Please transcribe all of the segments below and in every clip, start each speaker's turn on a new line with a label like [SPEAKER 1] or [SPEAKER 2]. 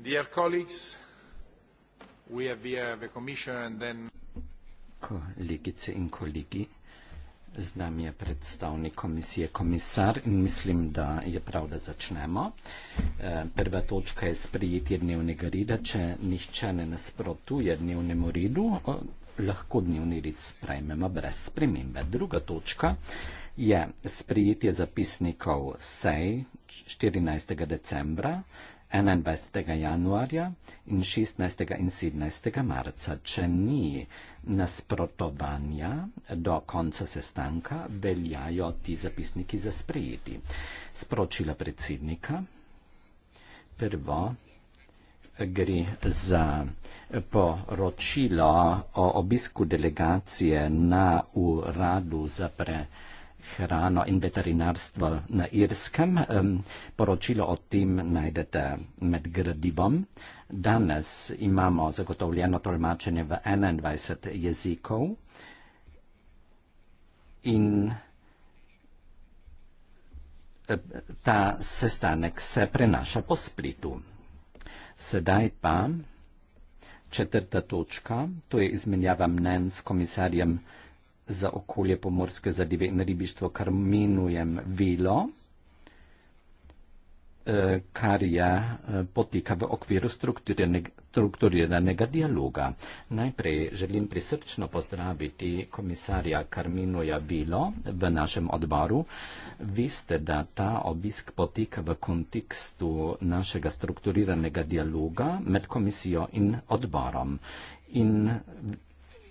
[SPEAKER 1] Dear colleagues, we have here the commission and then... Kolegice in kolegi, z nami je predstavnik komisije komisar in mislim, da je prav, da začnemo. Eh, prva točka je sprejetje dnevnega reda, če nihče ne nasprotuje dnevnemu redu, lahko dnevni red sprejmemo brez spremembe. Druga točka je sprejetje zapisnikov sej 14. decembra 21. januarja in 16. in 17. marca. Če ni nasprotovanja do konca sestanka, veljajo ti zapisniki za sprejeti. Sporočila predsednika. Prvo gre za poročilo o obisku delegacije na uradu za pre hrano in veterinarstvo na Irskem. Poročilo o tem najdete med gradivom. Danes imamo zagotovljeno tolmačenje v 21 jezikov in ta sestanek se prenaša po splitu. Sedaj pa četrta točka, to je izmenjava mnen s komisarjem Hrvatskega, za okolje pomorske zadeve in ribištvo, kar menujem velo, eh, kar je eh, poteka v okviru strukturiranega dialoga. Najprej želim prisrčno pozdraviti komisarja Karminoja Vilo v našem odboru. Veste, da ta obisk poteka v kontekstu našega strukturiranega dialoga med komisijo in odborom. In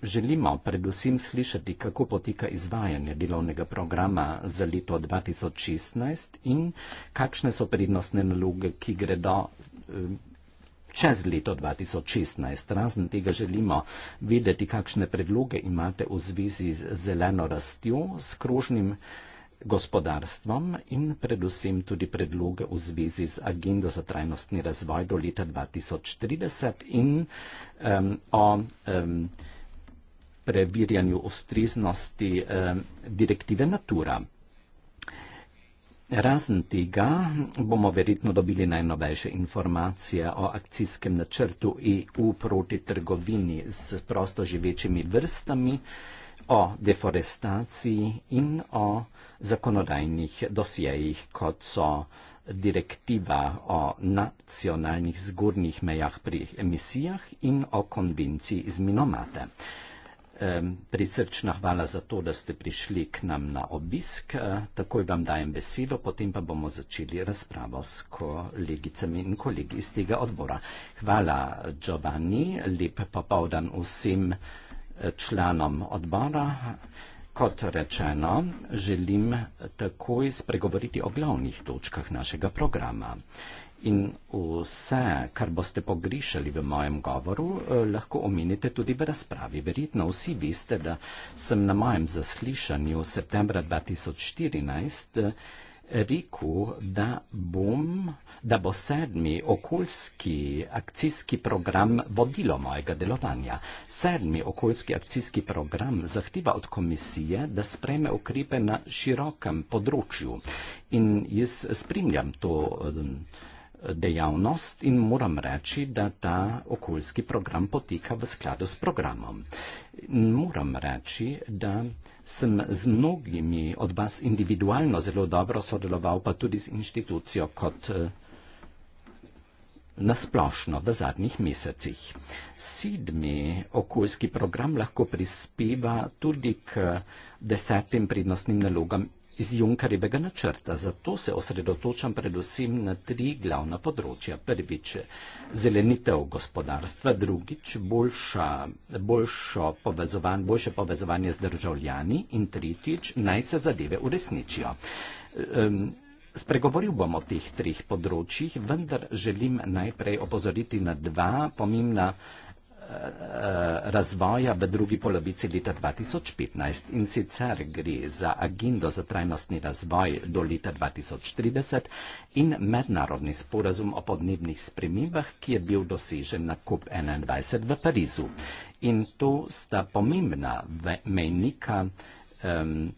[SPEAKER 1] Želimo predvsem slišati, kako poteka izvajanje delovnega programa za leto 2016 in kakšne so prednostne naloge, ki gredo eh, čez leto 2016. Razen tega želimo vedeti, kakšne predloge imate v zvezi z zeleno rastjo, s krožnim gospodarstvom in predvsem tudi predloge v zvezi z agendo za trajnostni razvoj do leta 2030 in um, o. Um, preverjanju ustreznosti eh, direktive Natura. Razen tega bomo verjetno dobili najnovejše informacije o akcijskem načrtu EU proti trgovini z prosto živečimi vrstami, o deforestaciji in o zakonodajnih dosjejih, kot so direktiva o nacionalnih zgornjih mejah pri emisijah in o konvenciji z minomate. Prisrčna hvala za to, da ste prišli k nam na obisk. Eh, takoj vam dajem besedo, potem pa bomo začeli razpravo s kolegicami in kolegi iz tega odbora. Hvala, Giovanni. Lep popovdan vsem eh, članom odbora. Kot rečeno, želim takoj spregovoriti o glavnih točkah našega programa. In vse, kar boste pogrišali v mojem govoru, eh, lahko omenite tudi v razpravi. Verjetno vsi veste, da sem na mojem zaslišanju septembra 2014 eh, rekel, da, da bo sedmi okoljski akcijski program vodilo mojega delovanja. Sedmi okoljski akcijski program zahteva od komisije, da spreme ukrepe na širokem področju. In jaz spremljam to. Um, dejavnost in moram reči, da ta okoljski program poteka v skladu s programom. Moram reči, da sem z mnogimi od vas individualno zelo dobro sodeloval, pa tudi z inštitucijo kot eh, nasplošno v zadnjih mesecih. Sedmi okoljski program lahko prispeva tudi k desetim prednostnim nalogam iz Junkarjevega načrta. Zato se osredotočam predvsem na tri glavna področja. Prvič, zelenitev gospodarstva, drugič, boljša, boljšo povezovan, boljše povezovanje z državljani in tretjič, naj se zadeve uresničijo. Um, Spregovoril bom o teh treh področjih, vendar želim najprej opozoriti na dva pomembna področja. Eh, razvoja v drugi polovici leta 2015 in sicer gre za agendo za trajnostni razvoj do leta 2030 in mednarodni sporazum o podnebnih spremembah, ki je bil dosežen na COP21 v Parizu. In to sta pomembna mejnika. Um,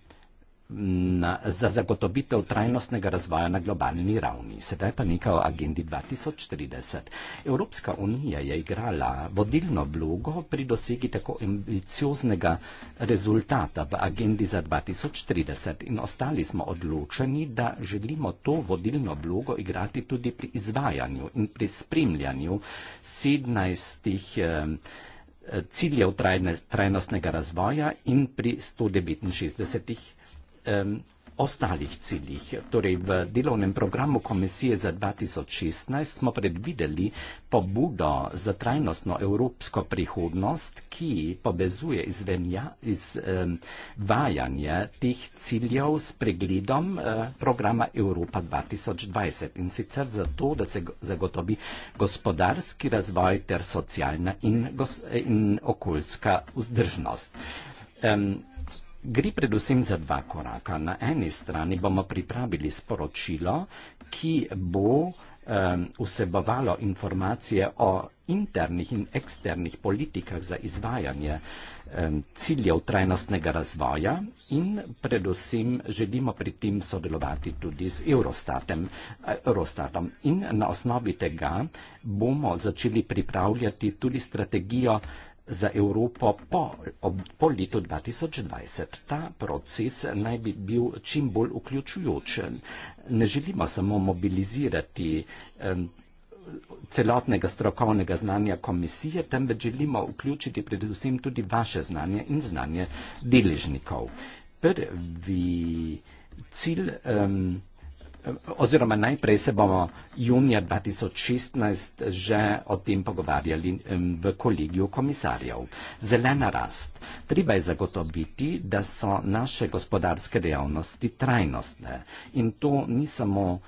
[SPEAKER 1] na, za zagotovitev trajnostnega razvoja na globalni ravni. Sedaj pa nekaj o agendi 2030. Evropska unija je igrala vodilno vlogo pri dosegi tako ambicioznega rezultata v agendi za 2030 in ostali smo odločeni, da želimo to vodilno vlogo igrati tudi pri izvajanju in pri spremljanju 17. Eh, ciljev trajne, trajnostnega razvoja in pri 169 ostalih ciljih. Torej, v delovnem programu komisije za 2016 smo predvideli pobudo za trajnostno evropsko prihodnost, ki povezuje izvajanje teh ciljev s pregledom e, programa Evropa 2020 in sicer zato, da se zagotovi gospodarski razvoj ter socialna in, in okoljska vzdržnost. Gre predvsem za dva koraka. Na eni strani bomo pripravili sporočilo, ki bo um, vsebovalo informacije o internih in eksternih politikah za izvajanje um, ciljev trajnostnega razvoja in predvsem želimo pri tem sodelovati tudi z Eurostatem, eh, Eurostatom. In na osnovi tega bomo začeli pripravljati tudi strategijo, za Evropo po, ob, po letu 2020. Ta proces naj bi bil čim bolj vključujočen. Ne želimo samo mobilizirati um, celotnega strokovnega znanja komisije, temveč želimo vključiti predvsem tudi vaše znanje in znanje deležnikov. Prvi cilj um, oziroma najprej se bomo junija 2016 že o tem pogovarjali v kolegiju komisarjev. Zelena rast. Treba je zagotoviti, da so naše gospodarske dejavnosti trajnostne. In to ni samo uh,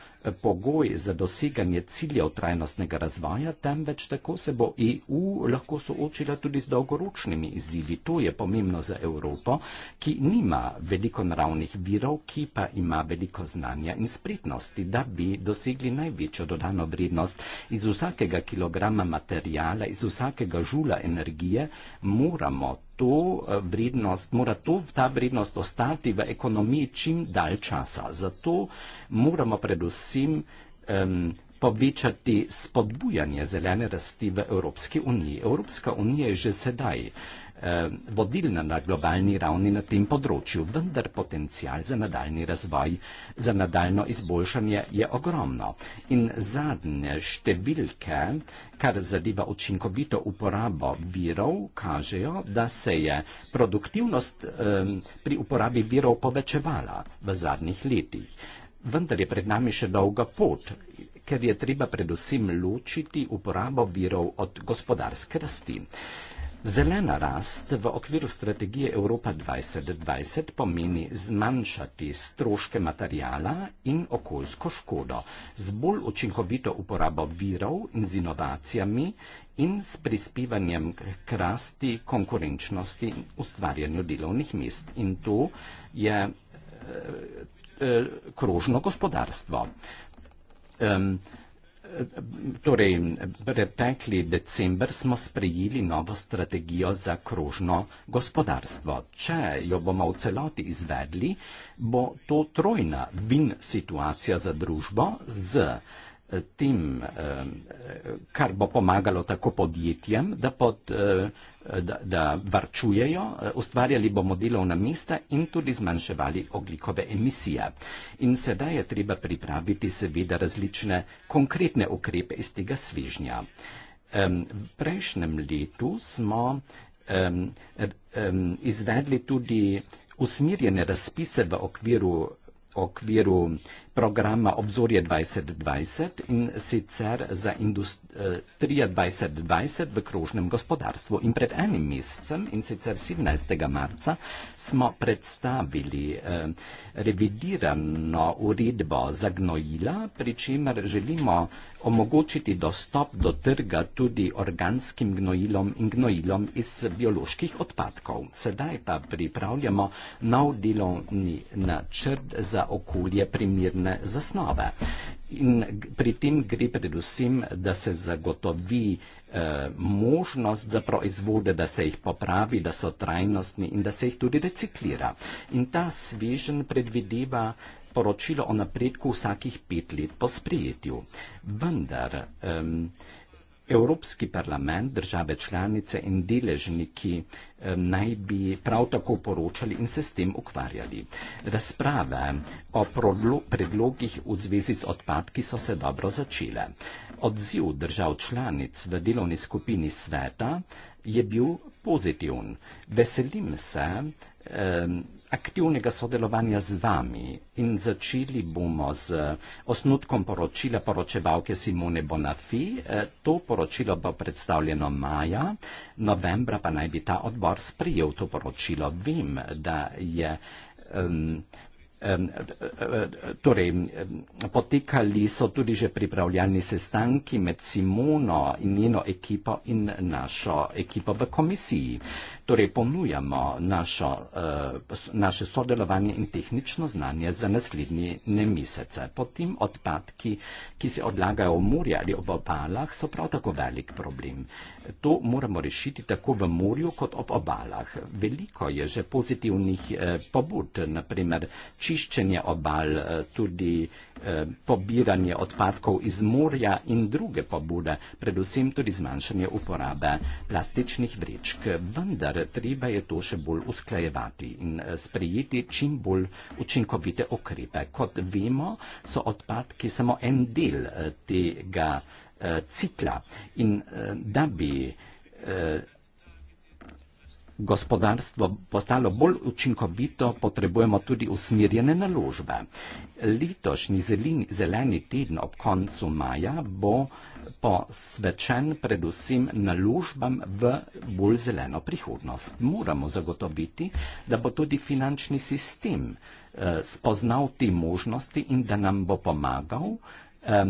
[SPEAKER 1] pogoj za doseganje ciljev trajnostnega razvoja, temveč tako se bo EU lahko soočila tudi z dolgoročnimi izzivi. To je pomembno za Evropo, ki nima veliko naravnih virov, ki pa ima veliko znanja in spretnosti, da bi dosegli največjo dodano vrednost. Iz vsakega kilograma materijala, iz vsakega žula energije moramo to eh, vrednost, mora to, ta vrednost ostati v ekonomiji čim dalj časa. Zato moramo predvsem um, povečati spodbujanje zelene rasti v Evropski uniji. Evropska unija je že sedaj uh, eh, vodilna na globalni ravni na tem področju, vendar potencial za nadaljni razvoj, za nadaljno izboljšanje je ogromno. In zadnje številke, kar zadeva učinkovito uporabo virov, kažejo, da se je produktivnost eh, pri uporabi virov povečevala v zadnjih letih. Vendar je pred nami še dolga pot, ker je treba predvsem ločiti uporabo virov od gospodarske rasti. Zelena rast v okviru strategije Evropa 2020 pomeni zmanjšati stroške materijala in okoljsko škodo z bolj učinkovito uporabo virov in z inovacijami in s prispevanjem k rasti konkurenčnosti in ustvarjanju delovnih mest. In to je eh, eh, krožno gospodarstvo. Eh, Torej, pretekli decembr smo sprejeli novo strategijo za krožno gospodarstvo. Če jo bomo v celoti izvedli, bo to trojna vin situacija za družbo z tem, eh, kar bo pomagalo tako podjetjem, da, pod, eh, da, da varčujejo, eh, ustvarjali bomo delovna mesta in tudi zmanjševali oglikove emisije. In sedaj je treba pripraviti seveda različne konkretne ukrepe iz tega svežnja. V prejšnjem letu smo izvedli tudi usmirjene razpise v okviru okviru programa Obzorje 2020 in sicer za industrijo 2020 v krožnem gospodarstvu. In pred enim mesecem, in sicer 17. marca, smo predstavili eh, revidirano uredbo za gnojila, pri čemer želimo omogočiti dostop do trga tudi organskim gnojilom in gnojilom iz bioloških odpadkov. Sedaj pa pripravljamo nov delovni načrt za okolje primirno pomembne zasnove. In pri tem gre predvsem, da se zagotovi eh, možnost za proizvode, da se jih popravi, da so trajnostni in da se jih tudi reciklira. In ta svežen predvideva poročilo o napredku vsakih pet let po sprejetju. Vendar. Eh, Evropski parlament, države članice in deležniki naj bi prav tako poročali in se s tem ukvarjali. Razprave o predlogih v zvezi z odpadki so se dobro začele. Odziv držav članic v delovni skupini sveta je bil pozitiven. Veselim se eh, aktivnega sodelovanja z vami in začeli bomo z osnutkom poročila poročevalke Simone Bonafi. Eh, to poročilo bo predstavljeno maja, novembra pa naj bi ta odbor sprijel to poročilo. Vem, da je eh, E, e, e, torej, potekali so tudi že pripravljalni sestanki med Simono in njeno ekipo in našo ekipo v komisiji. Torej, ponujamo našo, naše sodelovanje in tehnično znanje za naslednje mesece. Potem odpadki, ki se odlagajo v morju ali ob obalah, so prav tako velik problem. To moramo rešiti tako v morju kot ob obalah. Veliko je že pozitivnih pobud, naprimer, čiščenje obal, eh, tudi eh, pobiranje odpadkov iz morja in druge pobude, predvsem tudi zmanjšanje uporabe plastičnih vrečk. Vendar treba je to še bolj usklajevati in eh, sprejeti čim bolj učinkovite okrepe. Kot vemo, so odpadki samo en del tega cikla in da bi gospodarstvo postalo bolj učinkovito, potrebujemo tudi usmerjene naložbe. Letošnji zeleni, zeleni teden ob koncu maja bo posvečen predvsem naložbam v bolj zeleno prihodnost. Moramo zagotoviti, da bo tudi finančni sistem eh, spoznal te možnosti in da nam bo pomagal. Eh,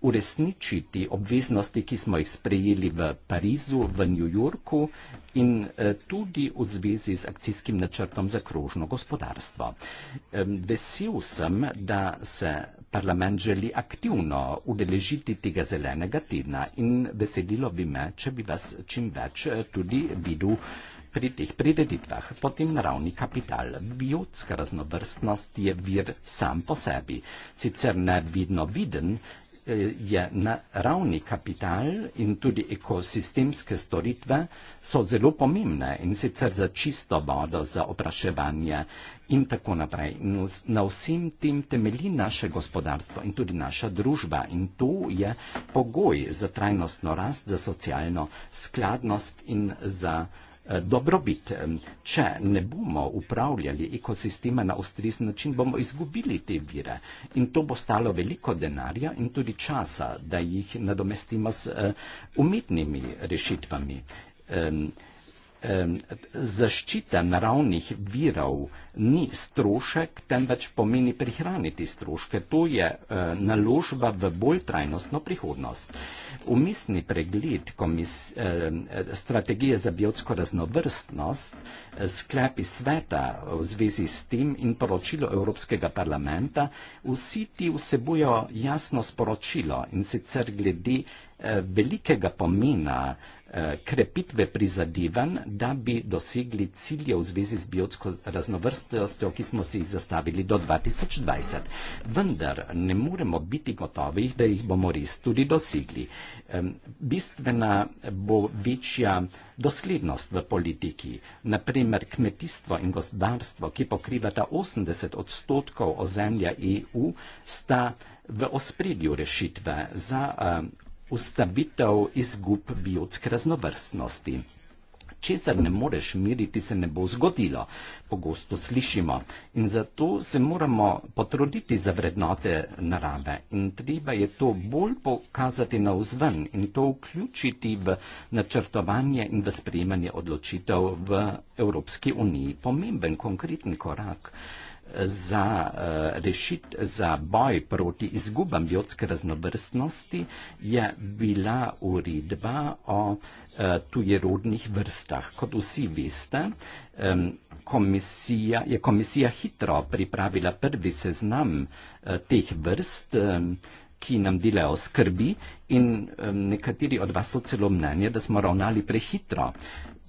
[SPEAKER 1] uresničiti obveznosti, ki smo jih sprejeli v Parizu, v New Yorku in eh, tudi v zvezi z akcijskim načrtom za krožno gospodarstvo. Vesel sem, da se parlament želi aktivno udeležiti tega zelenega tedna in veselilo bi me, če bi vas čim več eh, tudi videl pri teh prireditvah. Potem naravni kapital. Biotska raznovrstnost je vir sam po sebi. Sicer ne vidno viden, je naravni kapital in tudi ekosistemske storitve so zelo pomembne in sicer za čisto vodo, za opraševanje in tako naprej. In na vsem tem temelji naše gospodarstvo in tudi naša družba in to je pogoj za trajnostno rast, za socialno skladnost in za dobrobit. Če ne bomo upravljali ekosistema na ustrezen način, bomo izgubili te vire in to bo stalo veliko denarja in tudi časa, da jih nadomestimo z eh, umetnimi rešitvami zaščita naravnih virov ni strošek, temveč pomeni prihraniti stroške. To je eh, naložba v bolj trajnostno prihodnost. Umisni pregled komis, strategije za biotsko raznovrstnost, eh, sklepi sveta v zvezi s tem in poročilo Evropskega parlamenta, vsi ti vsebujo jasno sporočilo in sicer glede eh, velikega pomena Eh, krepitve prizadevanj, da bi dosegli cilje v zvezi z biotsko raznovrstnostjo, ki smo si jih zastavili do 2020. Vendar ne moremo biti gotovi, da jih bomo res tudi dosegli. Bistvena bo večja doslednost v politiki. Naprimer, kmetijstvo in gospodarstvo, ki pokrivata 80 odstotkov ozemlja EU, sta v ospredju rešitve za eh, ustavitev izgub biotske raznovrstnosti. Česar ne moreš miriti, se ne bo zgodilo, pogosto slišimo. In zato se moramo potruditi za vrednote narave. In treba je to bolj pokazati na vzven in to vključiti v načrtovanje in v sprejemanje odločitev v Evropski uniji. Pomemben, konkreten korak za eh, rešit, za boj proti izgubam biotske raznovrstnosti je bila uredba o eh, tujerodnih vrstah. Kot vsi veste, komisija, je komisija hitro pripravila prvi seznam eh, teh vrst, ki nam delajo skrbi in nekateri od vas so celo mnenje, da smo ravnali prehitro.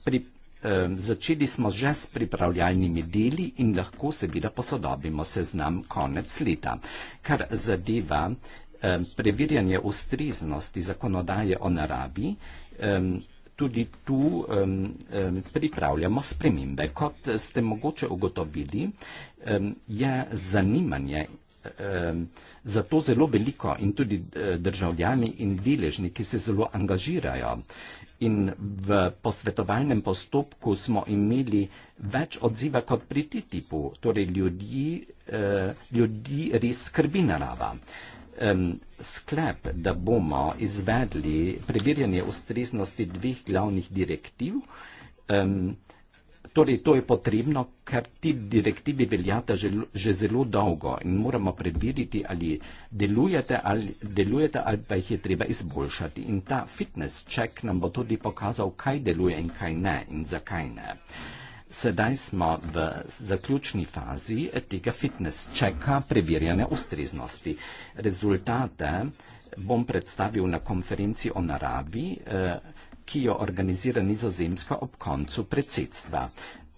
[SPEAKER 1] Pri, začeli smo že s pripravljalnimi deli in lahko seveda posodobimo seznam konec leta. Kar zadeva preverjanje ustreznosti zakonodaje o naravi, tudi tu pripravljamo spremembe. Kot ste mogoče ugotovili, je zanimanje zato zelo veliko in tudi e, državljani in deležniki se zelo angažirajo in v posvetovalnem postopku smo imeli več odziva kot pri TTIP-u, torej ljudi, eh, ljudi res skrbi narava. Sklep, da bomo izvedli preverjanje ustreznosti dveh glavnih direktiv, eh, Torej, to je potrebno, ker ti direktivi veljata že, že zelo dolgo in moramo preveriti, ali delujete ali, delujete ali pa jih je treba izboljšati. In ta fitness check nam bo tudi pokazal, kaj deluje in kaj ne in zakaj ne. Sedaj smo v zaključni fazi tega fitness checka preverjanja ustreznosti. Rezultate bom predstavil na konferenci o naravi. Eh, ki jo organizira nizozemska ob koncu predsedstva.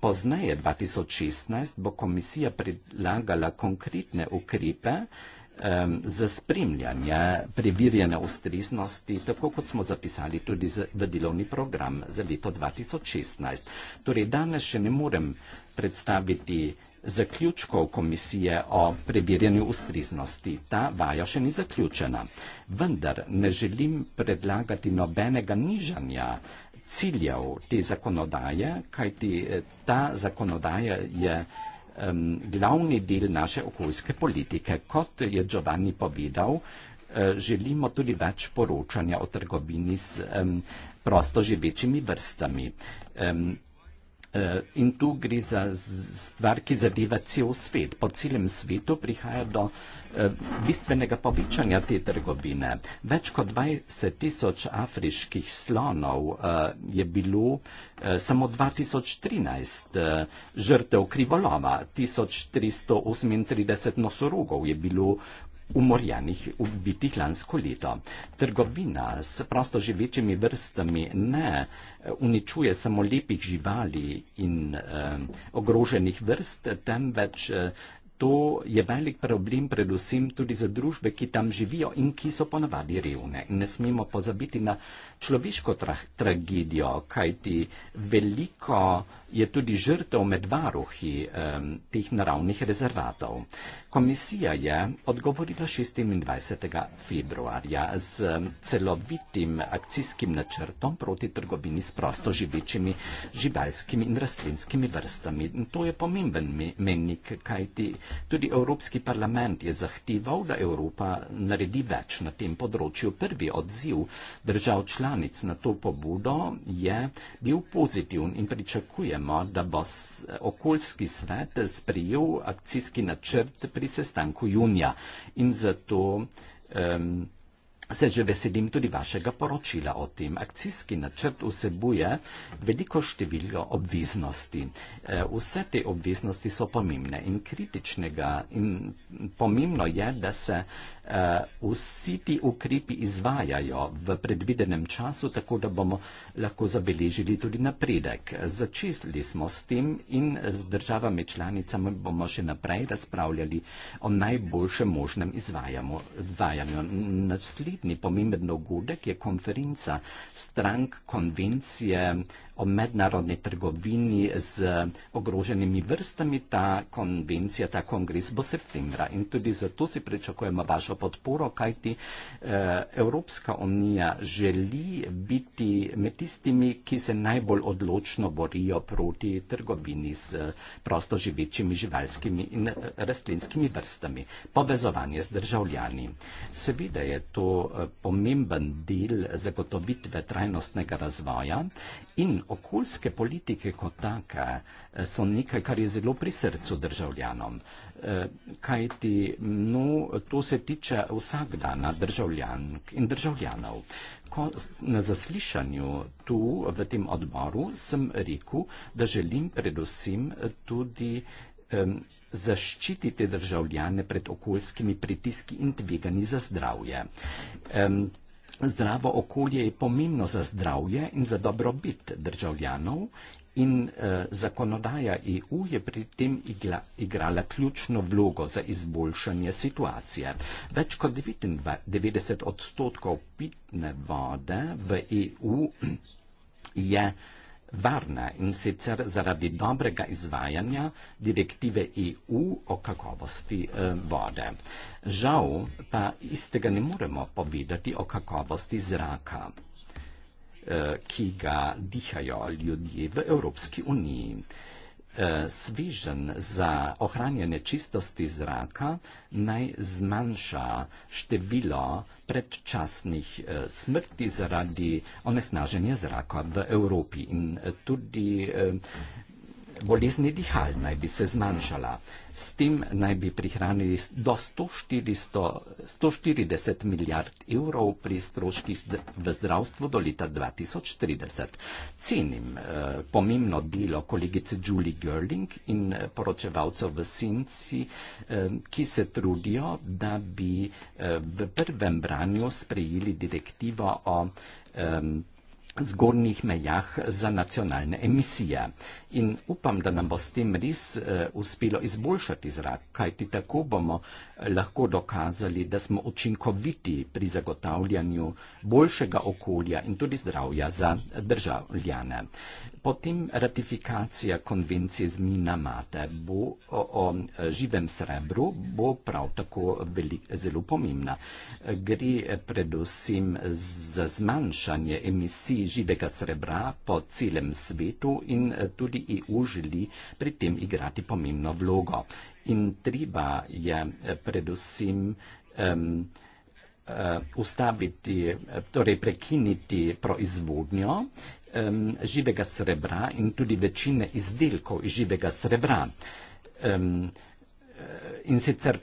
[SPEAKER 1] Pozneje 2016 bo komisija predlagala konkretne ukrepe um, za spremljanje preverjene ustreznosti, tako kot smo zapisali tudi z, v delovni program za leto 2016. Torej, danes še ne morem predstaviti zaključkov komisije o preverjanju ustriznosti. Ta vaja še ni zaključena. Vendar ne želim predlagati nobenega nižanja ciljev te zakonodaje, kajti eh, ta zakonodaja je um, glavni del naše okoljske politike. Kot je Giovanni povedal, eh, želimo tudi več poročanja o trgovini s um, prostoživečimi vrstami. Um, Eh, in tu gre za stvar, ki zadeva cel svet. Po celem svetu prihaja do eh, bistvenega povečanja te trgovine. Več kot 20 tisoč afriških slonov eh, je bilo samo 2013 žrtev krivolova, 1338 nosorogov je bilo umorjenih, ubitih lansko leto. Trgovina s prosto živečimi vrstami ne eh, uničuje samo lepih živali in eh, ogroženih vrst, temveč eh, to je velik problem predvsem tudi za družbe, ki tam živijo in ki so ponavadi revne. Ne smemo pozabiti na človeško tra tragedijo, kajti veliko je tudi žrtev med varuhi um, teh naravnih rezervatov. Komisija je odgovorila 26. februarja z celovitim akcijskim načrtom proti trgovini s prosto živečimi živalskimi in rastlinskimi vrstami. In to je pomemben menik, kajti Tudi Evropski parlament je zahteval, da Evropa naredi več na tem področju. Prvi odziv držav članic na to pobudo je bil pozitivn in pričakujemo, da bo okoljski svet sprijel akcijski načrt pri sestanku junija. In zato um, Se že veselim tudi vašega poročila o tem. Akcijski načrt vsebuje veliko število obveznosti. E, vse te obveznosti so pomembne in kritičnega. In pomembno je, da se uh, vsi ti ukrepi izvajajo v predvidenem času, tako da bomo lahko zabeležili tudi napredek. Začeli smo s tem in z državami članicami bomo še naprej razpravljali o najboljšem možnem izvajanju. Naslednji pomemben dogodek je konferenca strank konvencije o mednarodni trgovini z ogroženimi vrstami. Ta konvencija, ta kongres bo septembra in tudi zato si pričakujemo vašo podporo, kajti eh, Evropska unija želi biti med tistimi, ki se najbolj odločno borijo proti trgovini z prosto živečimi živalskimi in eh, rastlinskimi vrstami. Povezovanje z državljani. Seveda je to eh, pomemben del zagotovitve trajnostnega razvoja in okoljske politike kot taka eh, so nekaj, kar je zelo pri srcu državljanom. Eh, Kaj ti, no, to se tiče vsak dana državljank in državljanov. Ko na zaslišanju tu v tem odboru sem rekel, da želim predvsem eh, tudi zaščititi državljane pred okoljskimi pritiski in tvegani za zdravje. Zdravo okolje je pomembno za zdravje in za dobrobit državljanov in eh, zakonodaja EU je pri tem igla, igrala ključno vlogo za izboljšanje situacije. Več kot 99 odstotkov pitne vode v EU je eh, varna in sicer zaradi dobrega izvajanja direktive EU o kakovosti eh, vode. Žal pa istega ne moremo povedati o kakovosti zraka, eh, ki ga dihajo ljudje v Evropski uniji. Eh, svižen za ohranjanje čistosti zraka naj zmanjša število predčasnih eh, smrti zaradi onesnaženja zraka v Evropi in tudi eh, bolezni dihal naj bi se zmanjšala. S tem naj bi prihranili do 140, 140 milijard evrov pri stroških v zdravstvu do leta 2030. Cenim eh, pomembno delo kolegice Julie Gerling in eh, poročevalcev v Sinci, eh, ki se trudijo, da bi eh, v prvem branju sprejeli direktivo o eh, zgornjih mejah za nacionalne emisije. In upam, da nam bo s tem res uh, uspelo izboljšati zrak, kajti tako bomo eh, lahko dokazali, da smo učinkoviti pri zagotavljanju boljšega okolja in tudi zdravja za državljane potem ratifikacija konvencije z Minamate bo, o, o živem srebru bo prav tako velik, zelo pomembna. Gre predvsem za zmanjšanje emisij živega srebra po celem svetu in tudi EU želi pri tem igrati pomembno vlogo. In treba je predvsem. Um, Ustaviti, torej prekiniti proizvodnjo um, živega srebra in tudi večine izdelkov iz živega srebra. Um, in sicer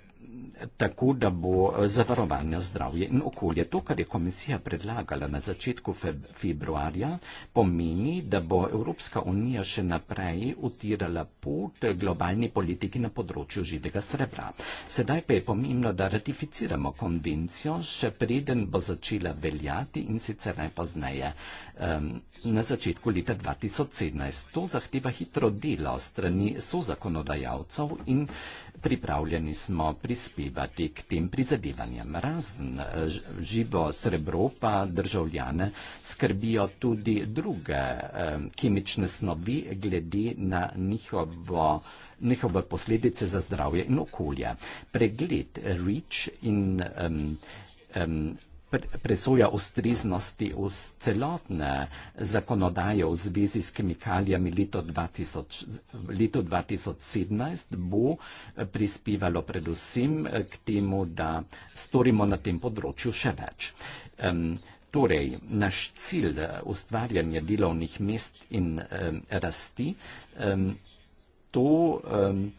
[SPEAKER 1] tako, da bo eh, zavarovanje zdravje in okolje. To, kar je komisija predlagala na začetku feb februarja, pomeni, da bo Evropska unija še naprej utirala pot globalni politiki na področju živega srebra. Sedaj pa je pomembno, da ratificiramo konvencijo, še preden bo začela veljati in sicer najpozneje um, na začetku leta 2017. To zahteva hitro delo strani sozakonodajalcev in pripravljeni smo prispevati k tem prizadevanjem. Razen eh, živo srebro pa državljane skrbijo tudi druge eh, kemične snovi glede na njihovo njihove posledice za zdravje in okolje. Pregled REACH in um, um, presoja ustreznosti vz celotne zakonodaje v zvezi s kemikalijami leto, 2000, leto 2017 bo eh, prispevalo predvsem eh, k temu, da storimo na tem področju še več. Um, torej, naš cilj eh, ustvarjanja delovnih mest in um, rasti, um, to um,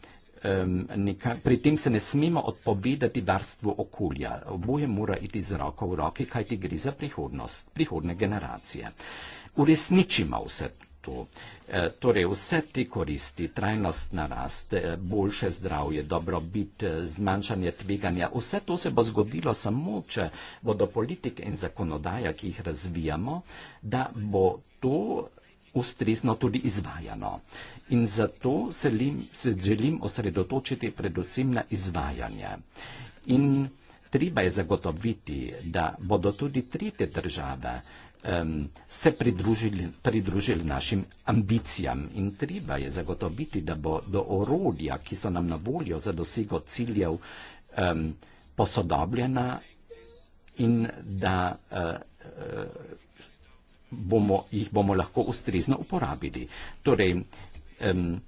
[SPEAKER 1] um, nekaj, pri tem se ne smemo odpovedati varstvu okolja. Oboje mora iti z roko v roki, kaj ti gre za prihodnost, prihodne generacije. Uresničimo vse. To. E, torej, vse te koristi, trajnost narast, e, boljše zdravje, dobrobit, e, zmanjšanje tveganja, vse to se bo zgodilo samo, če bodo politike in zakonodaja, ki jih razvijamo, da bo to ustrezno tudi izvajano. In zato se, lim, se želim osredotočiti predvsem na izvajanje. In treba je zagotoviti, da bodo tudi tretje države um, se pridružili, pridružili našim ambicijam. In treba je zagotoviti, da bodo orodja, ki so nam na voljo za dosego ciljev, um, posodobljena in da uh, uh, bomo, jih bomo lahko ustrezno uporabili. Torej, um,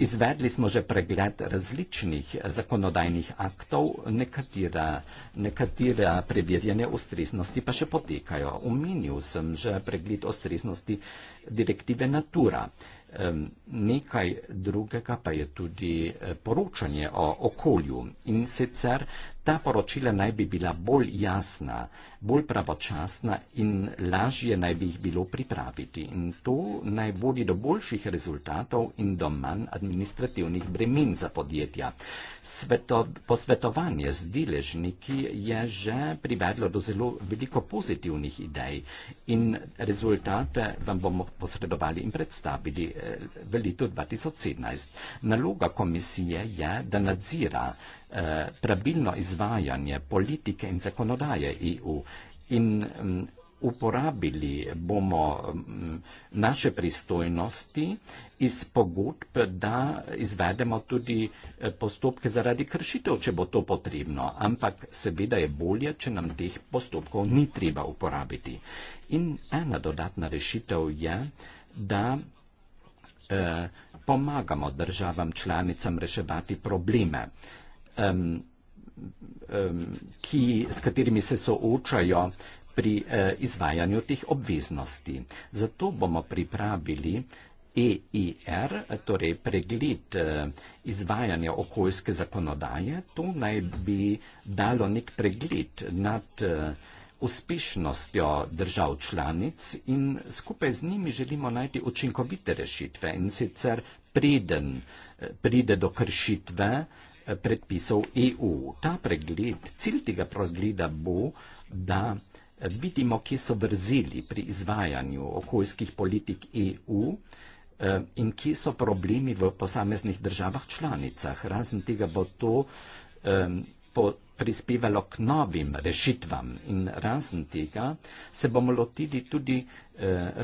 [SPEAKER 1] Izvedli smo že pregled različnih zakonodajnih aktov, nekatera, nekatera preverjanja ustreznosti pa še potekajo. Omenil sem že pregled ustreznosti direktive Natura. Nekaj drugega pa je tudi eh, poročanje o okolju in sicer ta poročila naj bi bila bolj jasna, bolj pravočasna in lažje naj bi jih bilo pripraviti. In to naj vodi do boljših rezultatov in do manj administrativnih bremen za podjetja. Sveto, posvetovanje z deležniki je že privedlo do zelo veliko pozitivnih idej in rezultate vam bomo posredovali in predstavili eh, v letu 2017. Naloga komisije je, da nadzira Eh, pravilno izvajanje politike in zakonodaje EU. In um, uporabili bomo um, naše pristojnosti iz pogodb, da izvedemo tudi eh, postopke zaradi kršitev, če bo to potrebno. Ampak seveda je bolje, če nam teh postopkov ni treba uporabiti. In ena dodatna rešitev je, da uh, pomagamo državam članicam reševati probleme. Uh, um, um, ki, s katerimi se soočajo pri uh, izvajanju teh obveznosti. Zato bomo pripravili EIR, torej pregled eh, izvajanja okoljske zakonodaje, to naj bi dalo nek pregled nad eh, uspešnostjo držav članic in skupaj z njimi želimo najti učinkovite rešitve in sicer preden pride do kršitve predpisov EU. Ta pregled, cilj tega pregleda bo, da vidimo, kje so vrzeli pri izvajanju okoljskih politik EU eh, in kje so problemi v posameznih državah članicah. Razen tega bo to eh, po prispevalo k novim rešitvam in razen tega se bomo lotili tudi eh,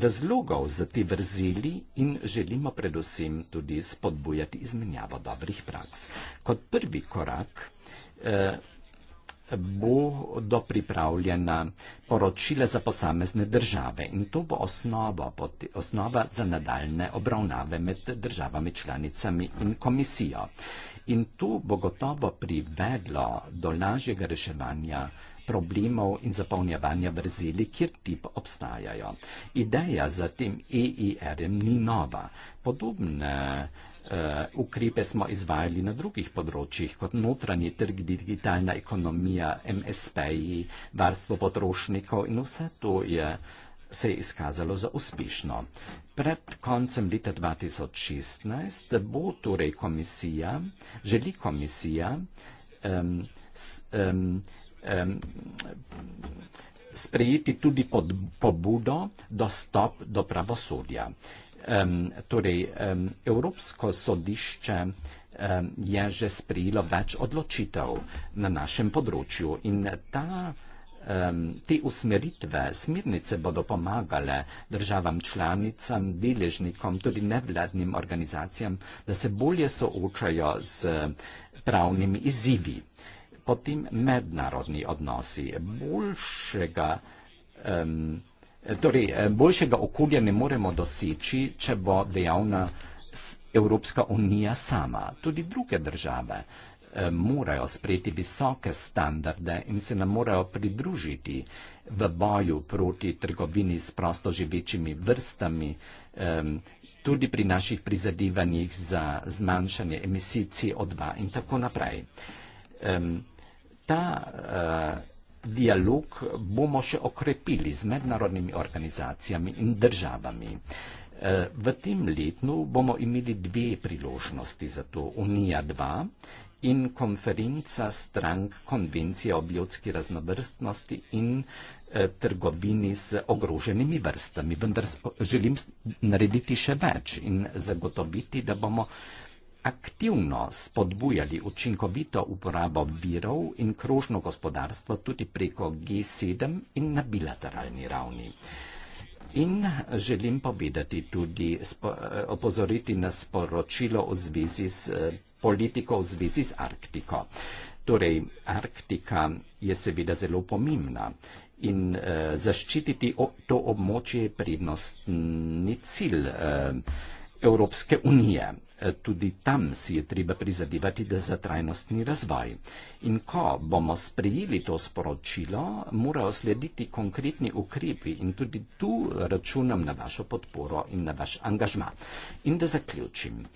[SPEAKER 1] razlogov za te vrzeli in želimo predvsem tudi spodbujati izmenjavo dobrih praks. Kot prvi korak eh, bo dopripravljena poročila za posamezne države in to bo osnova, osnova za nadaljne obravnave med državami članicami in komisijo. In to bo gotovo privedlo do lažjega reševanja problemov in zapolnjevanja vrzeli, kjer tip obstajajo. Ideja za tem EIR-em ni nova. Podobne uh, ukrepe smo izvajali na drugih področjih, kot notranji trg, digitalna ekonomija, MSP-ji, varstvo potrošnikov in vse to je se je izkazalo za uspešno. Pred koncem leta 2016 bo torej komisija, želi komisija Um, um, um, sprejeti tudi pod pobudo dostop do pravosodja. Um, torej, um, Evropsko sodišče um, je že sprejelo več odločitev na našem področju in ta, um, te usmeritve, smernice bodo pomagale državam članicam, deležnikom, tudi nevladnim organizacijam, da se bolje soočajo z um, pravnimi izzivi. Potem mednarodni odnosi. Boljšega, um, torej, boljšega okolja ne moremo doseči, če bo dejavna Evropska unija sama. Tudi druge države morajo sprejeti visoke standarde in se nam morajo pridružiti v boju proti trgovini s prosto živečimi vrstami, tudi pri naših prizadevanjih za zmanjšanje emisij CO2 in tako naprej. Um, ta uh, dialog bomo še okrepili z mednarodnimi organizacijami in državami. Uh, v tem letu bomo imeli dve priložnosti za to, Unija 2 in konferenca strank konvencije o biotski raznovrstnosti in uh, Eh, trgovini z ogroženimi vrstami. Vendar želim narediti še več in zagotoviti, da bomo aktivno spodbujali učinkovito uporabo virov in krožno gospodarstvo tudi preko G7 in na bilateralni ravni. In želim povedati tudi, eh, opozoriti na sporočilo v zvezi s eh, politiko v zvezi z Arktiko. Torej, Arktika je seveda zelo pomembna in uh, zaščititi o, to območje prednostni cilj uh, Evropske unije. Eh, tudi tam si je treba prizadevati za trajnostni razvoj. In ko bomo sprejeli to sporočilo, morajo slediti konkretni ukrepi in tudi tu računam na vašo podporo in na vaš angažma. In da zaključim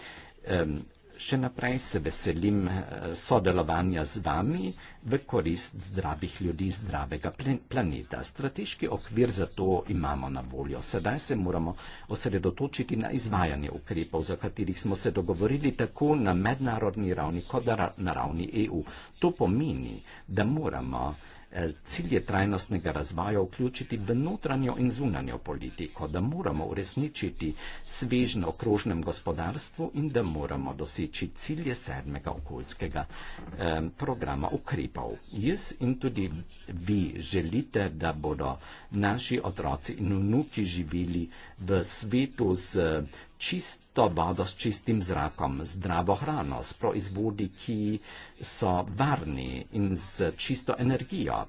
[SPEAKER 1] še naprej se veselim eh, sodelovanja z vami v korist zdravih ljudi, zdravega planeta. Strateški okvir za to imamo na voljo. Sedaj se moramo osredotočiti na izvajanje ukrepov, za katerih smo se dogovorili tako na mednarodni ravni kot na ravni EU. To pomeni, da moramo Eh, cilje trajnostnega razvoja vključiti v notranjo in zunanjo politiko, da moramo uresničiti svežno okrožnem gospodarstvu in da moramo doseči cilje sedmega okoljskega eh, programa ukrepov. Jaz in tudi vi želite, da bodo naši otroci in vnuki živeli v svetu z čistim čisto vodo, s čistim zrakom, z zdravo hrano, s proizvodi, ki so varni in z čisto energijo,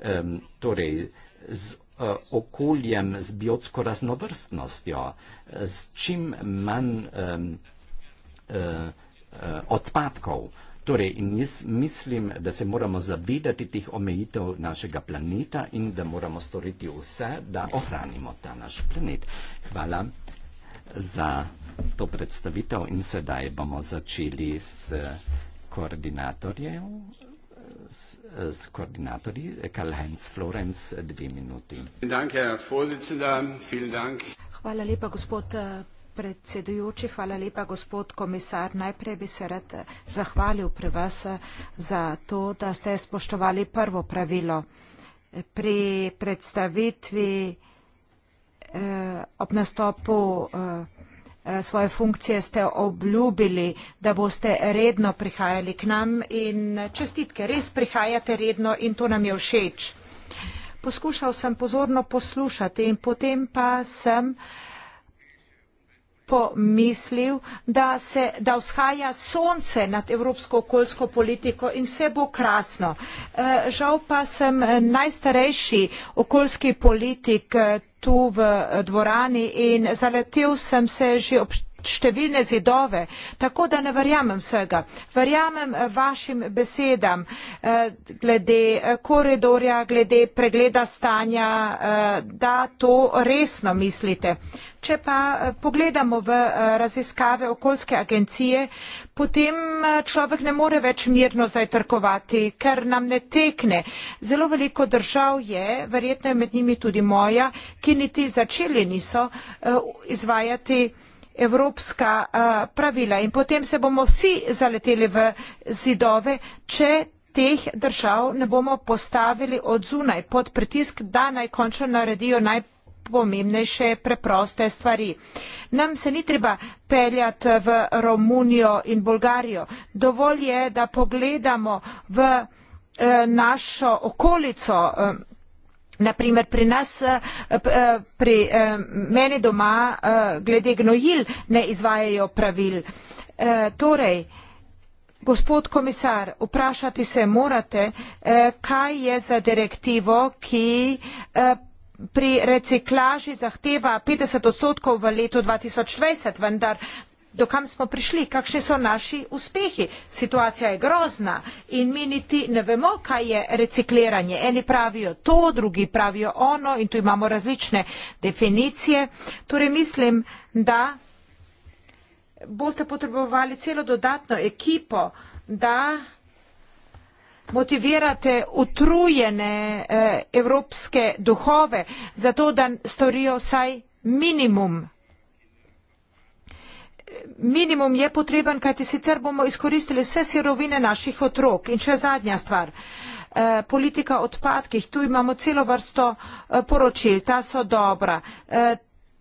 [SPEAKER 1] um, torej z uh, okoljem, z biotsko raznovrstnostjo, s čim manj um, uh, uh, odpadkov. Torej, in jaz mislim, da se moramo zavedati teh omejitev našega planeta in da moramo storiti vse, da ohranimo ta naš planet. Hvala za to predstavitev in sedaj bomo začeli s koordinatorjem, s, s koordinatorji, Karl-Heinz Florenz, dve minuti. Hvala lepa,
[SPEAKER 2] gospod eh, predsedujoči, hvala lepa, gospod komisar. Najprej bi se rad eh, zahvalil pri vas eh, za to, da ste spoštovali prvo pravilo. Pri predstavitvi eh, ob nastopu eh, Eh, svoje funkcije ste obljubili, da boste redno prihajali k nam in čestitke, res prihajate redno in to nam je všeč. Poskušal sem pozorno poslušati in potem pa sem pomislil, da, se, da vzhaja sonce nad evropsko okoljsko politiko in vse bo krasno. Eh, žal pa sem najstarejši okoljski politik eh, tu v eh, dvorani in zaletel sem se že ob številne zidove, tako da ne verjamem vsega. Verjamem eh, vašim besedam eh, glede eh, koridorja, glede pregleda stanja, da to resno mislite. Če pa pogledamo v raziskave okoljske agencije, potem človek ne more več mirno zajtrkovati, ker nam ne tekne. Zelo veliko držav je, verjetno je med njimi tudi moja, ki niti začeli niso izvajati evropska pravila in potem se bomo vsi zaleteli v zidove, če teh držav ne bomo postavili od zunaj pod pritisk, da naj končno naredijo najpomembnejše preproste stvari. Nam se ni treba peljati v Romunijo in Bolgarijo. Dovolj je, da pogledamo v e, našo okolico, e, Naprimer, pri nas, eh, eh, pri eh, meni doma, glede gnojil, ne izvajajo pravil. Torej, gospod komisar, vprašati se morate, kaj je za direktivo, ki pri reciklaži zahteva 50 odstotkov v letu 2020, vendar do kam smo prišli, kakšni so naši uspehi. Situacija je grozna in mi niti ne vemo, kaj je recikliranje. Eni pravijo to, drugi pravijo ono in tu imamo različne definicije. Torej mislim, da boste potrebovali celo dodatno ekipo, da motivirate utrujene eh, evropske duhove za to, da storijo vsaj minimum minimum je potreben, kajti sicer bomo izkoristili vse sirovine naših otrok. In še zadnja stvar, eh, politika odpadkih, tu imamo celo vrsto eh, poročil, ta so dobra. Eh,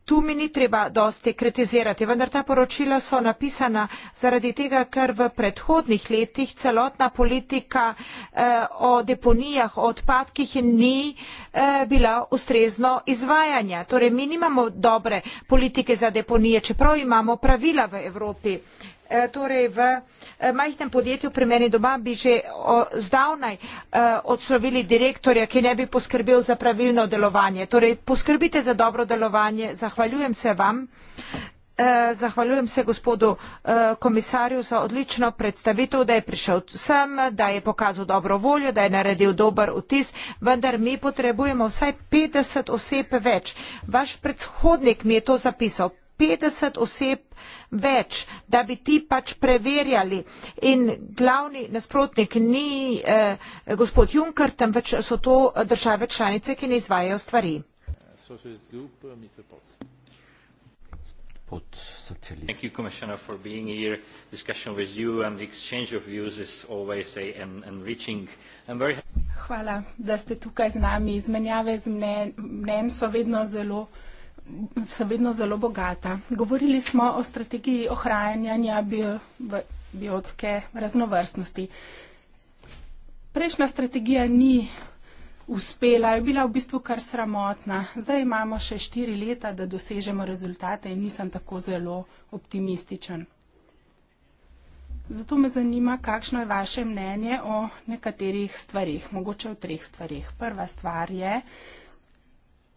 [SPEAKER 2] Tu mi ni treba dosti kritizirati, vendar ta poročila so napisana zaradi tega, ker v predhodnih letih celotna politika eh, o deponijah, o odpadkih ni eh, bila ustrezno izvajanja. Torej, mi nimamo dobre politike za deponije, čeprav imamo pravila v Evropi. Eh, torej v eh, majhnem podjetju pri meni doma bi že zdavnaj eh, odslovili direktorja, ki ne bi poskrbel za pravilno delovanje. Torej, poskrbite za dobro delovanje, zahvaljujem se vam. Zahvaljujem se gospodu komisarju za odlično predstavitev, da je prišel sem, da je pokazal dobro voljo, da je naredil dober vtis, vendar mi potrebujemo vsaj 50 oseb več. Vaš predhodnik mi je to zapisal, 50 oseb več, da bi ti pač preverjali. In glavni nasprotnik ni eh, gospod Juncker, temveč so to države članice, ki ne izvajajo stvari. Eh,
[SPEAKER 1] Thank you, Commissioner, for being here. Discussion with you and the exchange of views is always a, an enriching. I'm very
[SPEAKER 3] Hvala, da ste tukaj z nami. Izmenjave z mnen, mnen so vedno zelo so vedno zelo bogata. Govorili smo o strategiji ohranjanja bio, biotske raznovrstnosti. Prejšnja strategija ni uspela, je bila v bistvu kar sramotna. Zdaj imamo še štiri leta, da dosežemo rezultate in nisem tako zelo optimističen. Zato me zanima, kakšno je vaše mnenje o nekaterih stvarih, mogoče o treh stvarih. Prva stvar je,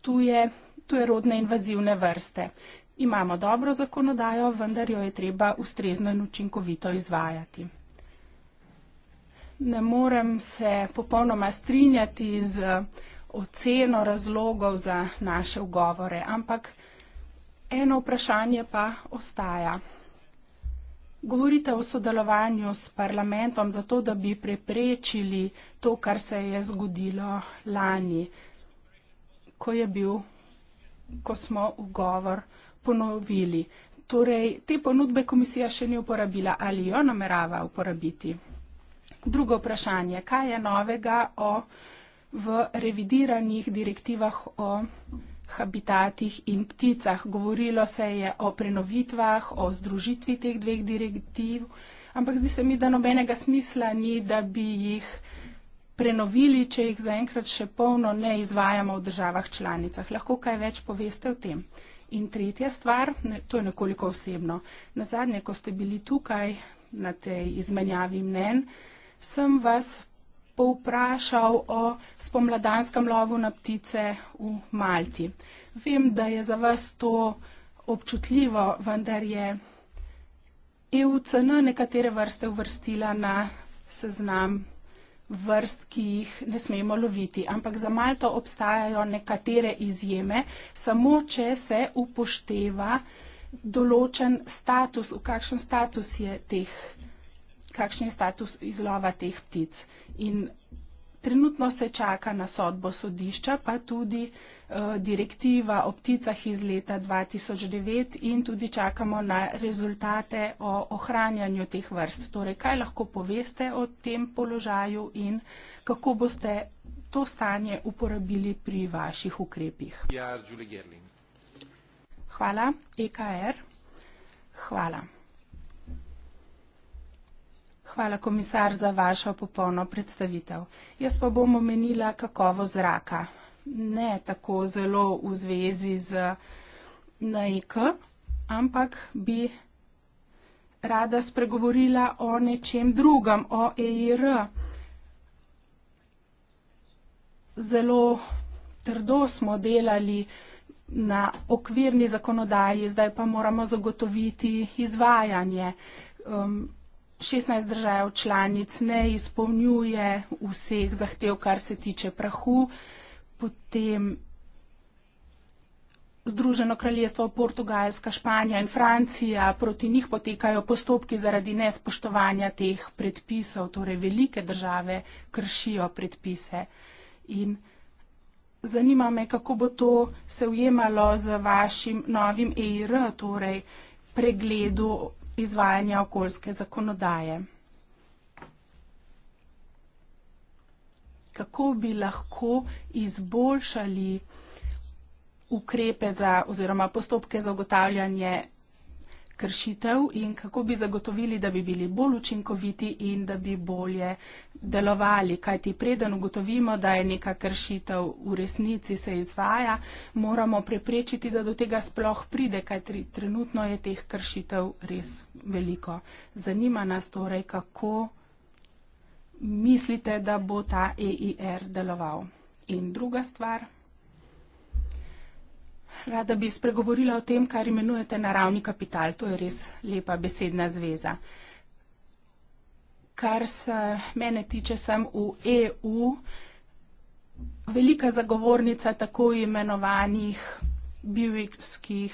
[SPEAKER 3] tu je tujerodne invazivne vrste. Imamo dobro zakonodajo, vendar jo je treba ustrezno in učinkovito izvajati. Ne morem se popolnoma strinjati z oceno razlogov za naše ugovore, ampak eno vprašanje pa ostaja. Govorite o sodelovanju s parlamentom za to, da bi preprečili to, kar se je zgodilo lani, ko je bil ko smo ugovor ponovili. Torej, te ponudbe komisija še ni uporabila ali jo namerava uporabiti. Drugo vprašanje, kaj je novega o, v revidiranih direktivah o habitatih in pticah? Govorilo se je o prenovitvah, o združitvi teh dveh direktiv, ampak zdi se mi, da nobenega smisla ni, da bi jih prenovili, če jih zaenkrat še polno ne izvajamo v državah članicah. Lahko kaj več poveste o tem. In tretja stvar, ne, to je nekoliko osebno. Na zadnje, ko ste bili tukaj na tej izmenjavi mnen, sem vas povprašal o spomladanskem lovu na ptice v Malti. Vem, da je za vas to občutljivo, vendar je EUCN nekatere vrste uvrstila na seznam vrst, ki jih ne smemo loviti. Ampak za Malto obstajajo nekatere izjeme, samo če se upošteva določen status, v kakšen status je teh, kakšen je status izlova teh ptic. In trenutno se čaka na sodbo sodišča, pa tudi Eh, direktiva o pticah iz leta 2009 in tudi čakamo na rezultate o ohranjanju teh vrst. Torej, kaj lahko poveste o tem položaju in kako boste to stanje
[SPEAKER 1] uporabili
[SPEAKER 3] pri vaših ukrepih?
[SPEAKER 1] Ja, Julie Gerlin.
[SPEAKER 3] Hvala, EKR. Er. Hvala. Hvala, komisar, za vašo popolno predstavitev. Jaz pa bom omenila kakovo zraka ne tako zelo v zvezi z NIK, ampak bi rada spregovorila o nečem drugem, o EIR. Zelo trdo smo delali na okvirni zakonodaji, zdaj pa moramo zagotoviti izvajanje. Um, 16 držav članic ne izpolnjuje vseh zahtev, kar se tiče prahu. Uh, potem Združeno kraljestvo, Portugalska, Španija in Francija, proti njih potekajo postopki zaradi nespoštovanja teh predpisov, torej velike države kršijo predpise. In zanima me, kako bo to se ujemalo z vašim novim EIR, torej pregledu izvajanja okoljske zakonodaje. kako bi lahko izboljšali ukrepe za, oziroma postopke za ugotavljanje kršitev in kako bi zagotovili, da bi bili bolj učinkoviti in da bi bolje delovali. Kaj ti preden ugotovimo, da je neka kršitev v resnici se izvaja, moramo preprečiti, da do tega sploh pride, kaj trenutno je teh kršitev res veliko. Zanima nas torej, kako mislite, da bo ta EIR deloval. In druga stvar, rada bi spregovorila o tem, kar imenujete naravni kapital. To je res lepa besedna zveza. Kar se mene tiče, sem v EU velika zagovornica tako imenovanih biovikskih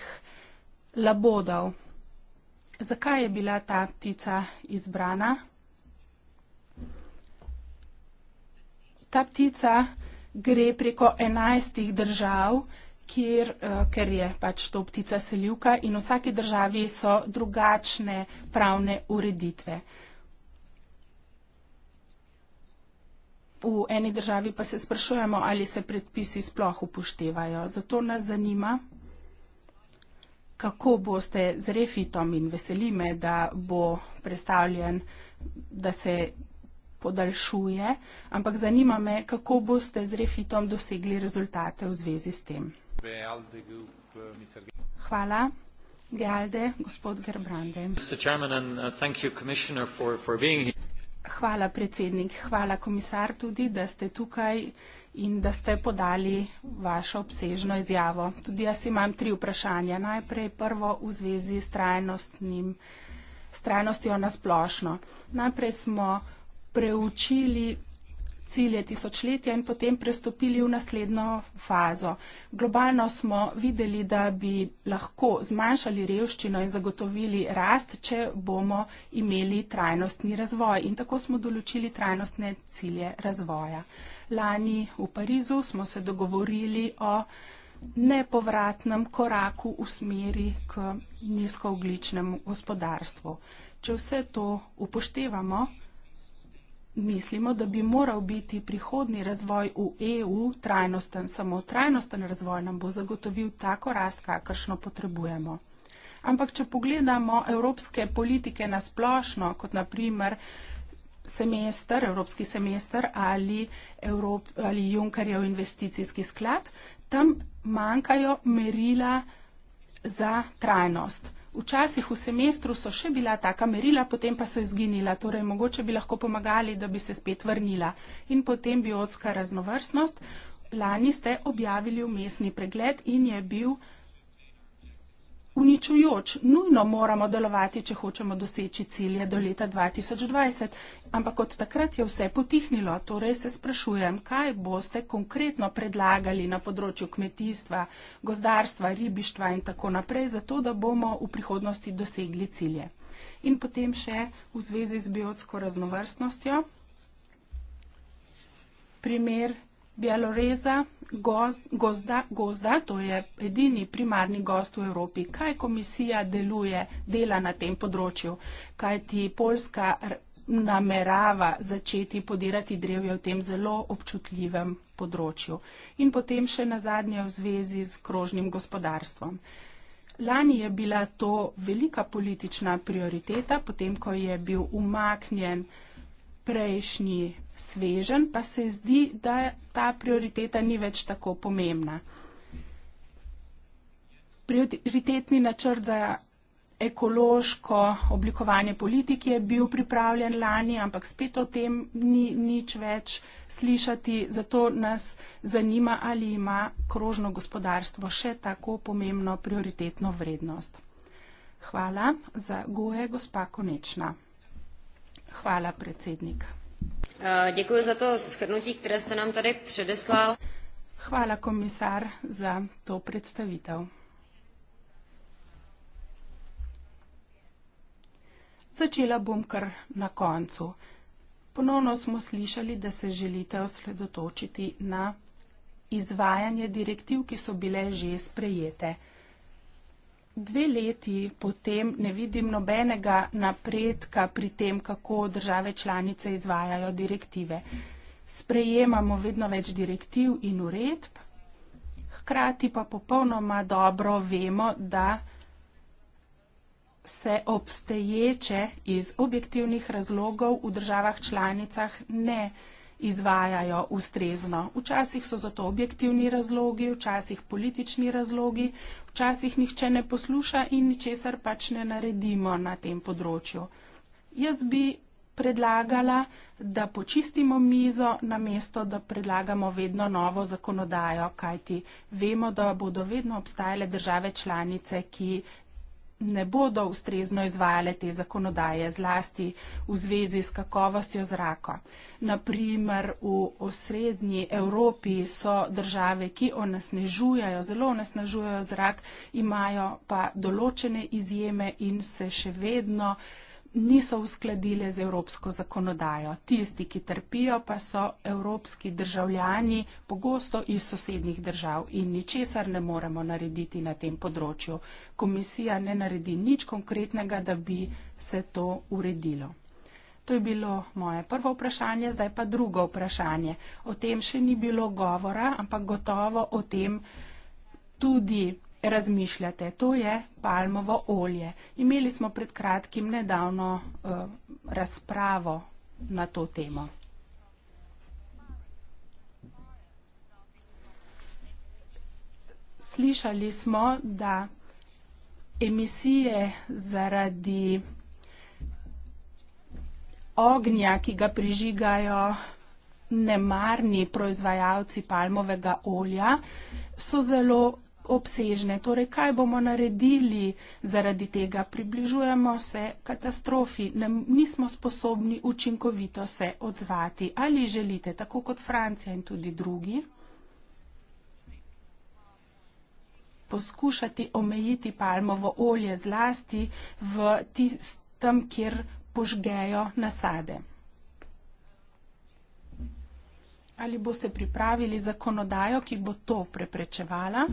[SPEAKER 3] labodov. Zakaj je bila ta ptica izbrana? ta ptica gre preko enajstih držav, kjer, eh, ker je pač to ptica seljuka in v vsaki državi so drugačne pravne ureditve. V eni državi pa se sprašujemo, ali se predpisi sploh upoštevajo. Zato nas zanima, kako boste z refitom in veselime, da bo predstavljen, da se podaljšuje, ampak zanima me, kako boste z refitom dosegli rezultate v zvezi s tem. Uh, Hvala. Gealde, gospod Gerbrande. Uh, Hvala, predsednik. Hvala, komisar, tudi, da ste tukaj in da ste podali vašo obsežno izjavo. Tudi jaz imam tri vprašanja. Najprej prvo v zvezi s trajnostjo na splošno. Najprej smo preučili cilje tisočletja in potem prestopili v naslednjo fazo. Globalno smo videli, da bi lahko zmanjšali revščino in zagotovili rast, če bomo imeli trajnostni razvoj. In tako smo določili trajnostne cilje razvoja. Lani v Parizu smo se dogovorili o nepovratnem koraku v smeri k nizkoogličnemu gospodarstvu. Če vse to upoštevamo, mislimo, da bi moral biti prihodni razvoj v EU trajnosten. Samo trajnosten razvoj nam bo zagotovil tako rast, kakršno potrebujemo. Ampak, če pogledamo evropske politike na splošno, kot naprimer semester, evropski semester ali, Evrop, ali Junkerjev investicijski sklad, tam manjkajo merila za trajnost včasih v semestru so še bila taka merila, potem pa so izginila, torej mogoče bi lahko pomagali, da bi se spet vrnila. In potem biotska raznovrstnost. Lani ste objavili umestni pregled in je bil uničujoč. Nujno moramo delovati, če hočemo doseči cilje do leta 2020. Ampak od takrat je vse potihnilo. Torej se sprašujem, kaj boste konkretno predlagali na področju kmetijstva, gozdarstva, ribištva in tako naprej, zato da bomo v prihodnosti dosegli cilje. In potem še v zvezi z biotsko raznovrstnostjo. Primer Bjaloreza gozda, gozda, to je edini primarni gost v Evropi. Kaj komisija deluje, dela na tem področju? Kaj ti Poljska namerava začeti podirati drevje v tem zelo občutljivem področju? In potem še na zadnje v zvezi z krožnim gospodarstvom. Lani je bila to velika politična prioriteta, potem ko je bil umaknjen prejšnji svežen, pa se zdi, da ta prioriteta ni več tako pomembna. Prioritetni načrt za ekološko oblikovanje politike je bil pripravljen lani, ampak spet o tem ni nič več slišati, zato nas zanima, ali ima krožno gospodarstvo še tako pomembno prioritetno vrednost. Hvala za goje, gospa Konečna. Hvala, predsednik. Eh, děkuji za to shrnutí, které jste nám tady předeslal. Hvala, komisar, za to představitev. Začela bom kar na koncu. Ponovno smo slišali, da se želite osredotočiti na izvajanje direktiv, ki so bile že sprejete dve leti potem ne vidim nobenega napredka pri tem, kako države članice izvajajo direktive. Sprejemamo vedno več direktiv in uredb, hkrati pa popolnoma dobro vemo, da se obstoječe iz objektivnih razlogov v državah članicah ne izvajajo ustrezno. Včasih so za to objektivni razlogi, včasih politični razlogi, včasih nihče ne posluša in ničesar pač ne naredimo na tem področju. Jaz bi predlagala, da počistimo mizo, namesto da predlagamo vedno novo zakonodajo, kajti vemo, da bodo vedno obstajale države članice, ki ne bodo ustrezno izvajale te zakonodaje zlasti v zvezi s kakovostjo zraka. Naprimer, v osrednji Evropi so države, ki onesnežujejo, zelo onesnežujejo zrak, imajo pa določene izjeme in se še vedno niso uskladile z evropsko zakonodajo. Tisti, ki trpijo, pa so evropski državljani, pogosto iz sosednjih držav in ničesar ne moremo narediti na tem področju. Komisija ne naredi nič konkretnega, da bi se to uredilo. To je bilo moje prvo vprašanje, zdaj pa drugo vprašanje. O tem še ni bilo govora, ampak gotovo o tem tudi razmišljate. To je palmovo olje. Imeli smo pred kratkim nedavno eh, razpravo na to temo. Slišali smo, da emisije zaradi ognja, ki ga prižigajo nemarni proizvajalci palmovega olja, so zelo obsežne. Torej, kaj bomo naredili zaradi tega? Približujemo se katastrofi, Nem, nismo sposobni učinkovito se odzvati. Ali želite, tako kot Francija in tudi drugi, poskušati omejiti palmovo olje zlasti v tistem, kjer požgejo nasade? Ali boste pripravili zakonodajo, ki bo to preprečevala?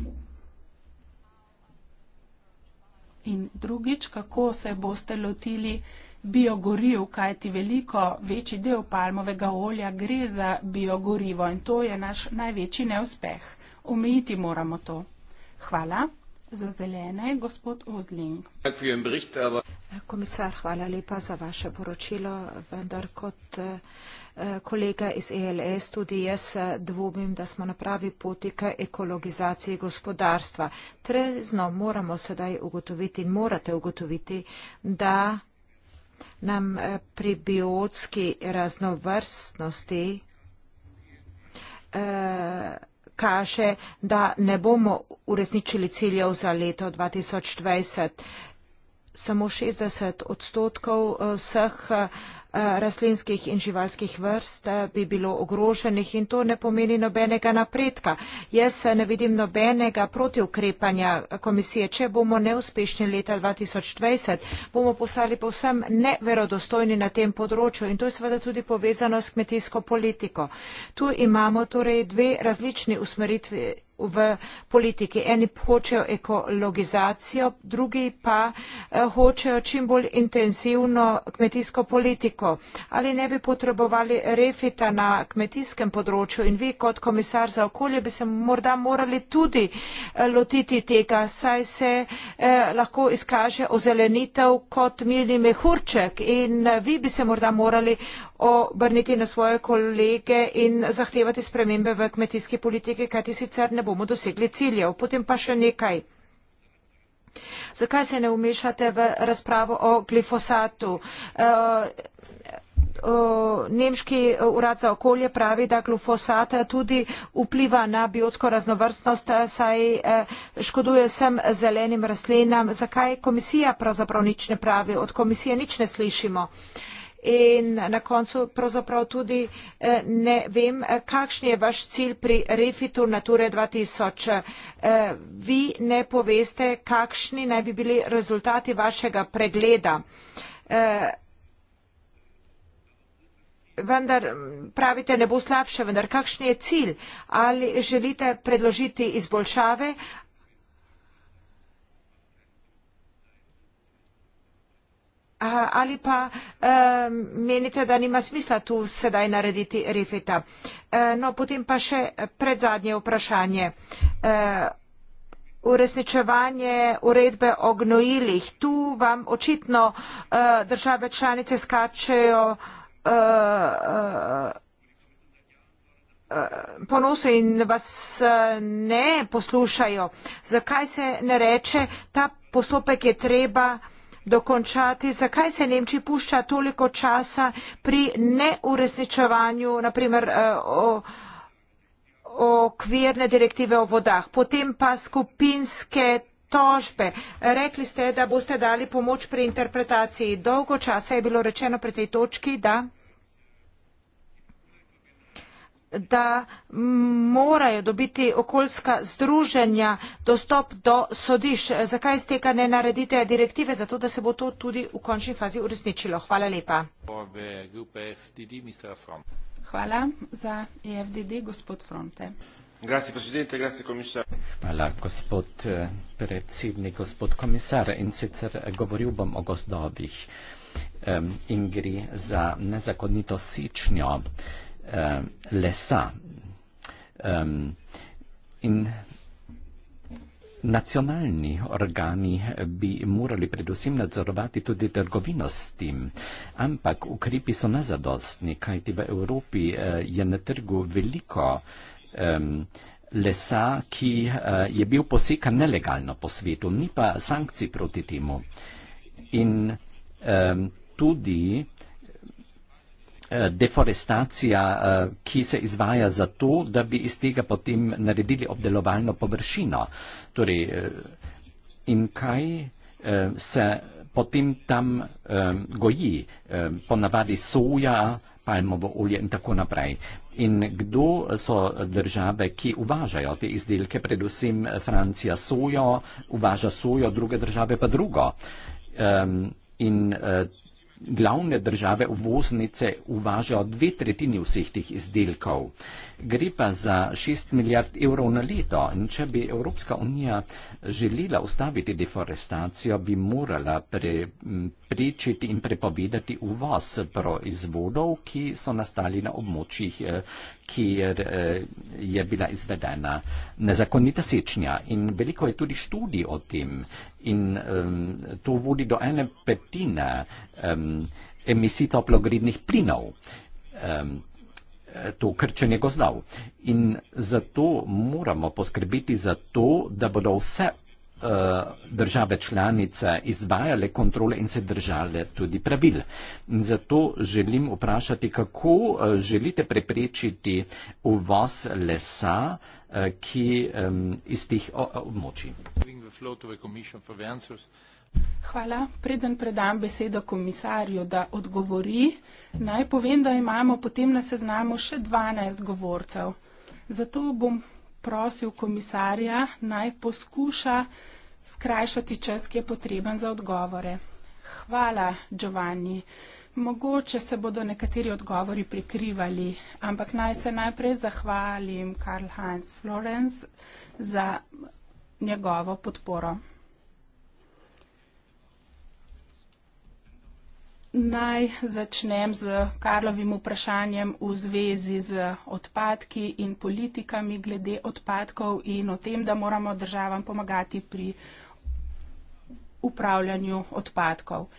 [SPEAKER 3] in drugič, kako se boste lotili biogoriv, kajti veliko večji del palmovega olja gre za biogorivo in to je naš največji neuspeh. Omejiti moramo to. Hvala. Za zelene, gospod Ozling. Komisar, hvala lepa za vaše poročilo, vendar kot.
[SPEAKER 2] Eh, Eh, kolega iz ELS, tudi jaz eh, dvomim, da smo na pravi poti k ekologizaciji gospodarstva. Trezno moramo sedaj ugotoviti in morate ugotoviti, da nam eh, pri biotski raznovrstnosti kaže, da ne bomo uresničili ciljev za leto 2020. Samo 60 odstotkov vseh Eh, rastlinskih in živalskih vrst eh, bi bilo ogroženih in to ne pomeni nobenega napredka. Jaz eh, ne vidim nobenega protiukrepanja komisije. Če bomo neuspešni leta 2020, bomo postali povsem neverodostojni na tem področju in to je seveda tudi povezano s kmetijsko politiko. Tu imamo torej dve različni usmeritvi v politiki. Eni hočejo ekologizacijo, drugi pa eh, hočejo čim bolj intenzivno kmetijsko politiko. Ali ne bi potrebovali refita na kmetijskem področju in vi kot komisar za okolje bi se morda morali tudi eh, lotiti tega, saj se eh, lahko izkaže ozelenitev kot milni mehurček in eh, vi bi se morda morali obrniti na svoje kolege in zahtevati spremembe v kmetijski politiki, kajti sicer ne bomo dosegli ciljev. Potem pa še nekaj. Zakaj se ne umešate v razpravo o glifosatu? Eh, eh, eh, nemški urad za okolje pravi, da glufosat tudi vpliva na biotsko raznovrstnost, saj škoduje vsem zelenim rastlinam. Zakaj komisija pravzaprav nič ne pravi? Od komisije nič ne slišimo in na koncu pravzaprav tudi eh, ne vem, eh, kakšen je vaš cilj pri refitu Nature 2000. Eh, vi ne poveste, kakšni naj bi bili rezultati vašega pregleda. Vendar pravite, ne bo slabše, vendar kakšen je cilj? Ali želite predložiti izboljšave ali pa menite, da nima smisla tu sedaj narediti refita. E, no, potem pa še predzadnje vprašanje. E, uresničevanje uredbe o gnojilih. Tu vam očitno e, države članice skačejo ponoso in vas ne poslušajo. Zakaj se ne reče, ta postopek je treba vsega, dokončati, zakaj se Nemčiji pušča toliko časa pri neurezničevanju, naprimer, eh, o, okvirne direktive o vodah, potem pa skupinske tožbe. Rekli ste, da boste dali pomoč pri interpretaciji. Dolgo časa je bilo rečeno pri tej točki, da da morajo dobiti okoljska združenja dostop do sodiš. Zakaj iz tega ne naredite direktive, zato da se bo to tudi v končni fazi uresničilo? Hvala lepa.
[SPEAKER 1] Hvala
[SPEAKER 3] za EFDD, gospod Fronte.
[SPEAKER 1] Hvala, gospod eh, predsednik, gospod komisar. In sicer eh, govoril bom o gozdovih um, in gre za nezakonito sečnjo uh, lesa. Um, in nacionalni organi bi morali predvsem nadzorovati tudi trgovino s tim, ampak ukrepi so nezadostni, kajti v Evropi uh, je na trgu veliko um, lesa, ki uh, je bil posekan nelegalno po svetu, ni pa sankcij proti temu. In um, tudi Eh, deforestacija, eh, ki se izvaja zato, da bi iz tega potem naredili obdelovalno površino. Torej, eh, in kaj se potem tam goji? Ponavadi soja, palmovo olje in tako naprej. In kdo so države, ki uvažajo te izdelke, predvsem Francija sojo, uvaža sojo, druge države pa drugo. In Glavne države uvoznice uvažajo dve tretjini vseh teh izdelkov. Gre pa za 6 milijard evrov na leto in če bi Evropska unija želela ustaviti deforestacijo, bi morala prepričiti in prepovedati uvoz proizvodov, ki so nastali na območjih, eh, kjer eh, je bila izvedena nezakonita sečnja. In veliko je tudi študij o tem. In um, to vodi do ene petine um, emisij toplogrednih plinov. Um, to krčenje gozdov. In zato moramo poskrbiti za to, da bodo vse Eh, države članice izvajale kontrole in se držale tudi pravil. In zato želim vprašati, kako eh, želite preprečiti uvoz lesa, eh, ki iz tih območij.
[SPEAKER 3] Hvala. Preden predam besedo komisarju, da odgovori, naj povem, da imamo potem na seznamu še 12 govorcev. Zato bom prosil komisarja naj poskuša skrajšati čas, ki je potreben za odgovore. Hvala, Giovanni. Mogoče se bodo nekateri odgovori prikrivali, ampak naj se najprej zahvalim Karl Heinz Florenz za njegovo podporo. Naj začnem z Karlovim vprašanjem v zvezi z odpadki in politikami glede odpadkov in o tem, da moramo državam pomagati pri upravljanju odpadkov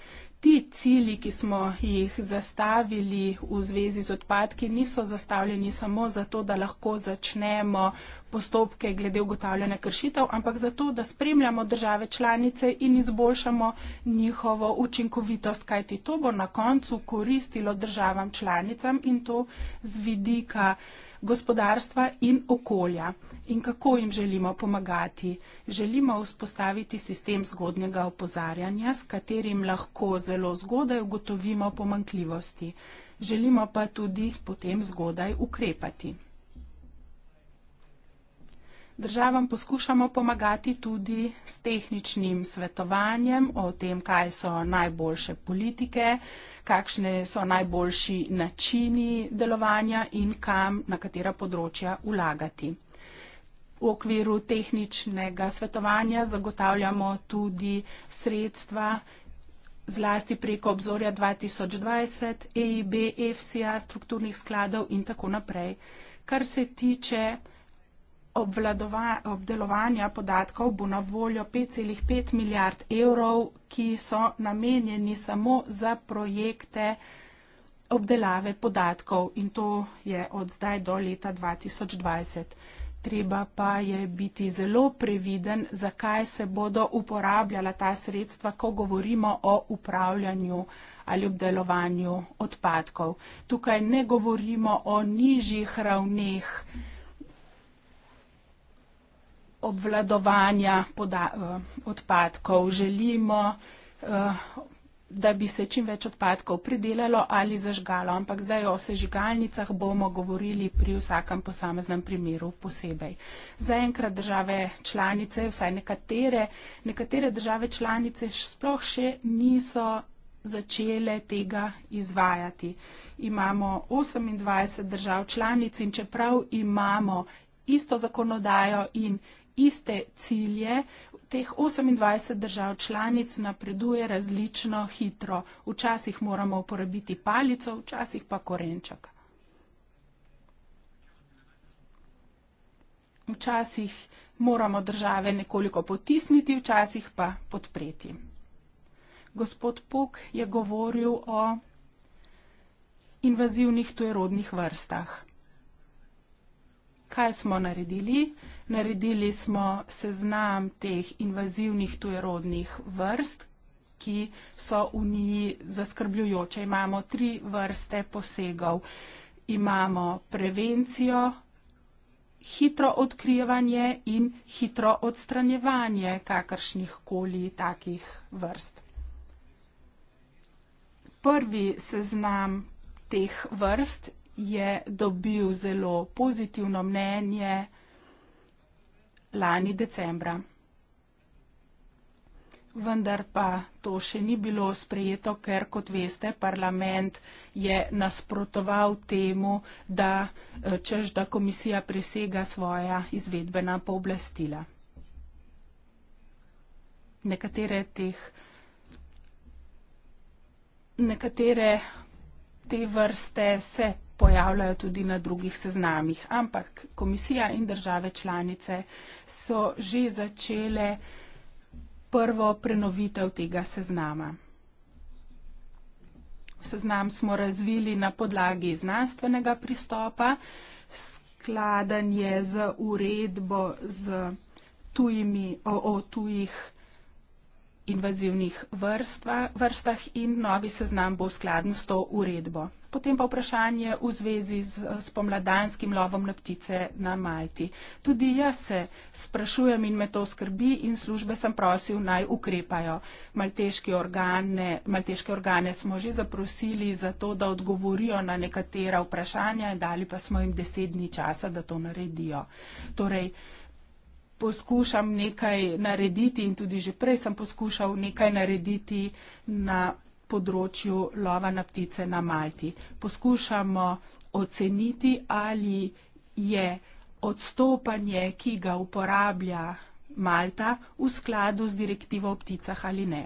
[SPEAKER 3] ti cilji, ki smo jih zastavili v zvezi z odpadki, niso zastavljeni samo zato, da lahko začnemo postopke glede ugotavljanja kršitev, ampak zato, da spremljamo države članice in izboljšamo njihovo učinkovitost, kajti to bo na koncu koristilo državam članicam in to z vidika gospodarstva in okolja in kako jim želimo pomagati. Želimo vzpostaviti sistem zgodnjega opozarjanja, s katerim lahko zelo zgodaj ugotovimo pomankljivosti. Želimo pa tudi potem zgodaj ukrepati. Državam poskušamo pomagati tudi s tehničnim svetovanjem o tem, kaj so najboljše politike, kakšne so najboljši načini delovanja in kam na katera področja vlagati. V okviru tehničnega svetovanja zagotavljamo tudi sredstva zlasti preko obzorja 2020, EIB, EFSIA, strukturnih skladov in tako naprej. Kar se tiče obdelovanja podatkov bo na voljo 5,5 milijard evrov, ki so namenjeni samo za projekte obdelave podatkov in to je od zdaj do leta 2020. Treba pa je biti zelo previden, zakaj se bodo uporabljala ta sredstva, ko govorimo o upravljanju ali obdelovanju odpadkov. Tukaj ne govorimo o nižjih ravneh obvladovanja poda, eh, odpadkov. Želimo, eh, da bi se čim več odpadkov pridelalo ali zažgalo, ampak zdaj o sežigalnicah bomo govorili pri vsakem posameznem primeru posebej. Zaenkrat države članice, vsaj nekatere, nekatere države članice sploh še niso začele tega izvajati. Imamo 28 držav članic in čeprav imamo isto zakonodajo in iste cilje teh 28 držav članic napreduje različno hitro. Včasih moramo uporabiti palico, včasih pa korenček. Včasih moramo države nekoliko potisniti, včasih pa podpreti. Gospod Puk je govoril o invazivnih tujerodnih vrstah. Kaj smo naredili? Naredili smo seznam teh invazivnih tujerodnih vrst, ki so v Uniji zaskrbljujoče. Imamo tri vrste posegov. Imamo prevencijo, hitro odkrivanje in hitro odstranjevanje kakršnih koli takih vrst. Prvi seznam teh vrst je dobil zelo pozitivno mnenje lani decembra. Vendar pa to še ni bilo sprejeto, ker, kot veste, parlament je nasprotoval temu, da eh, čež, da komisija presega svoja izvedbena pooblastila. Nekatere teh, nekatere te vrste se pojavljajo tudi na drugih seznamih. Ampak komisija in države članice so že začele prvo prenovitev tega seznama. Seznam smo razvili na podlagi znanstvenega pristopa, skladan je z uredbo z tujimi, o, o tujih invazivnih vrstva, vrstah in novi seznam bo skladen s to uredbo. Potem pa vprašanje v zvezi z spomladanskim lovom na ptice na Malti. Tudi jaz se sprašujem in me to skrbi in službe sem prosil naj ukrepajo. Malteški organe, malteške organe smo že zaprosili za to, da odgovorijo na nekatera vprašanja in dali pa smo jim deset dni časa, da to naredijo. Torej, poskušam nekaj narediti in tudi že prej sem poskušal nekaj narediti na področju lova na ptice na Malti. Poskušamo oceniti, ali je odstopanje, ki ga uporablja Malta, v skladu z direktivo o pticah ali ne.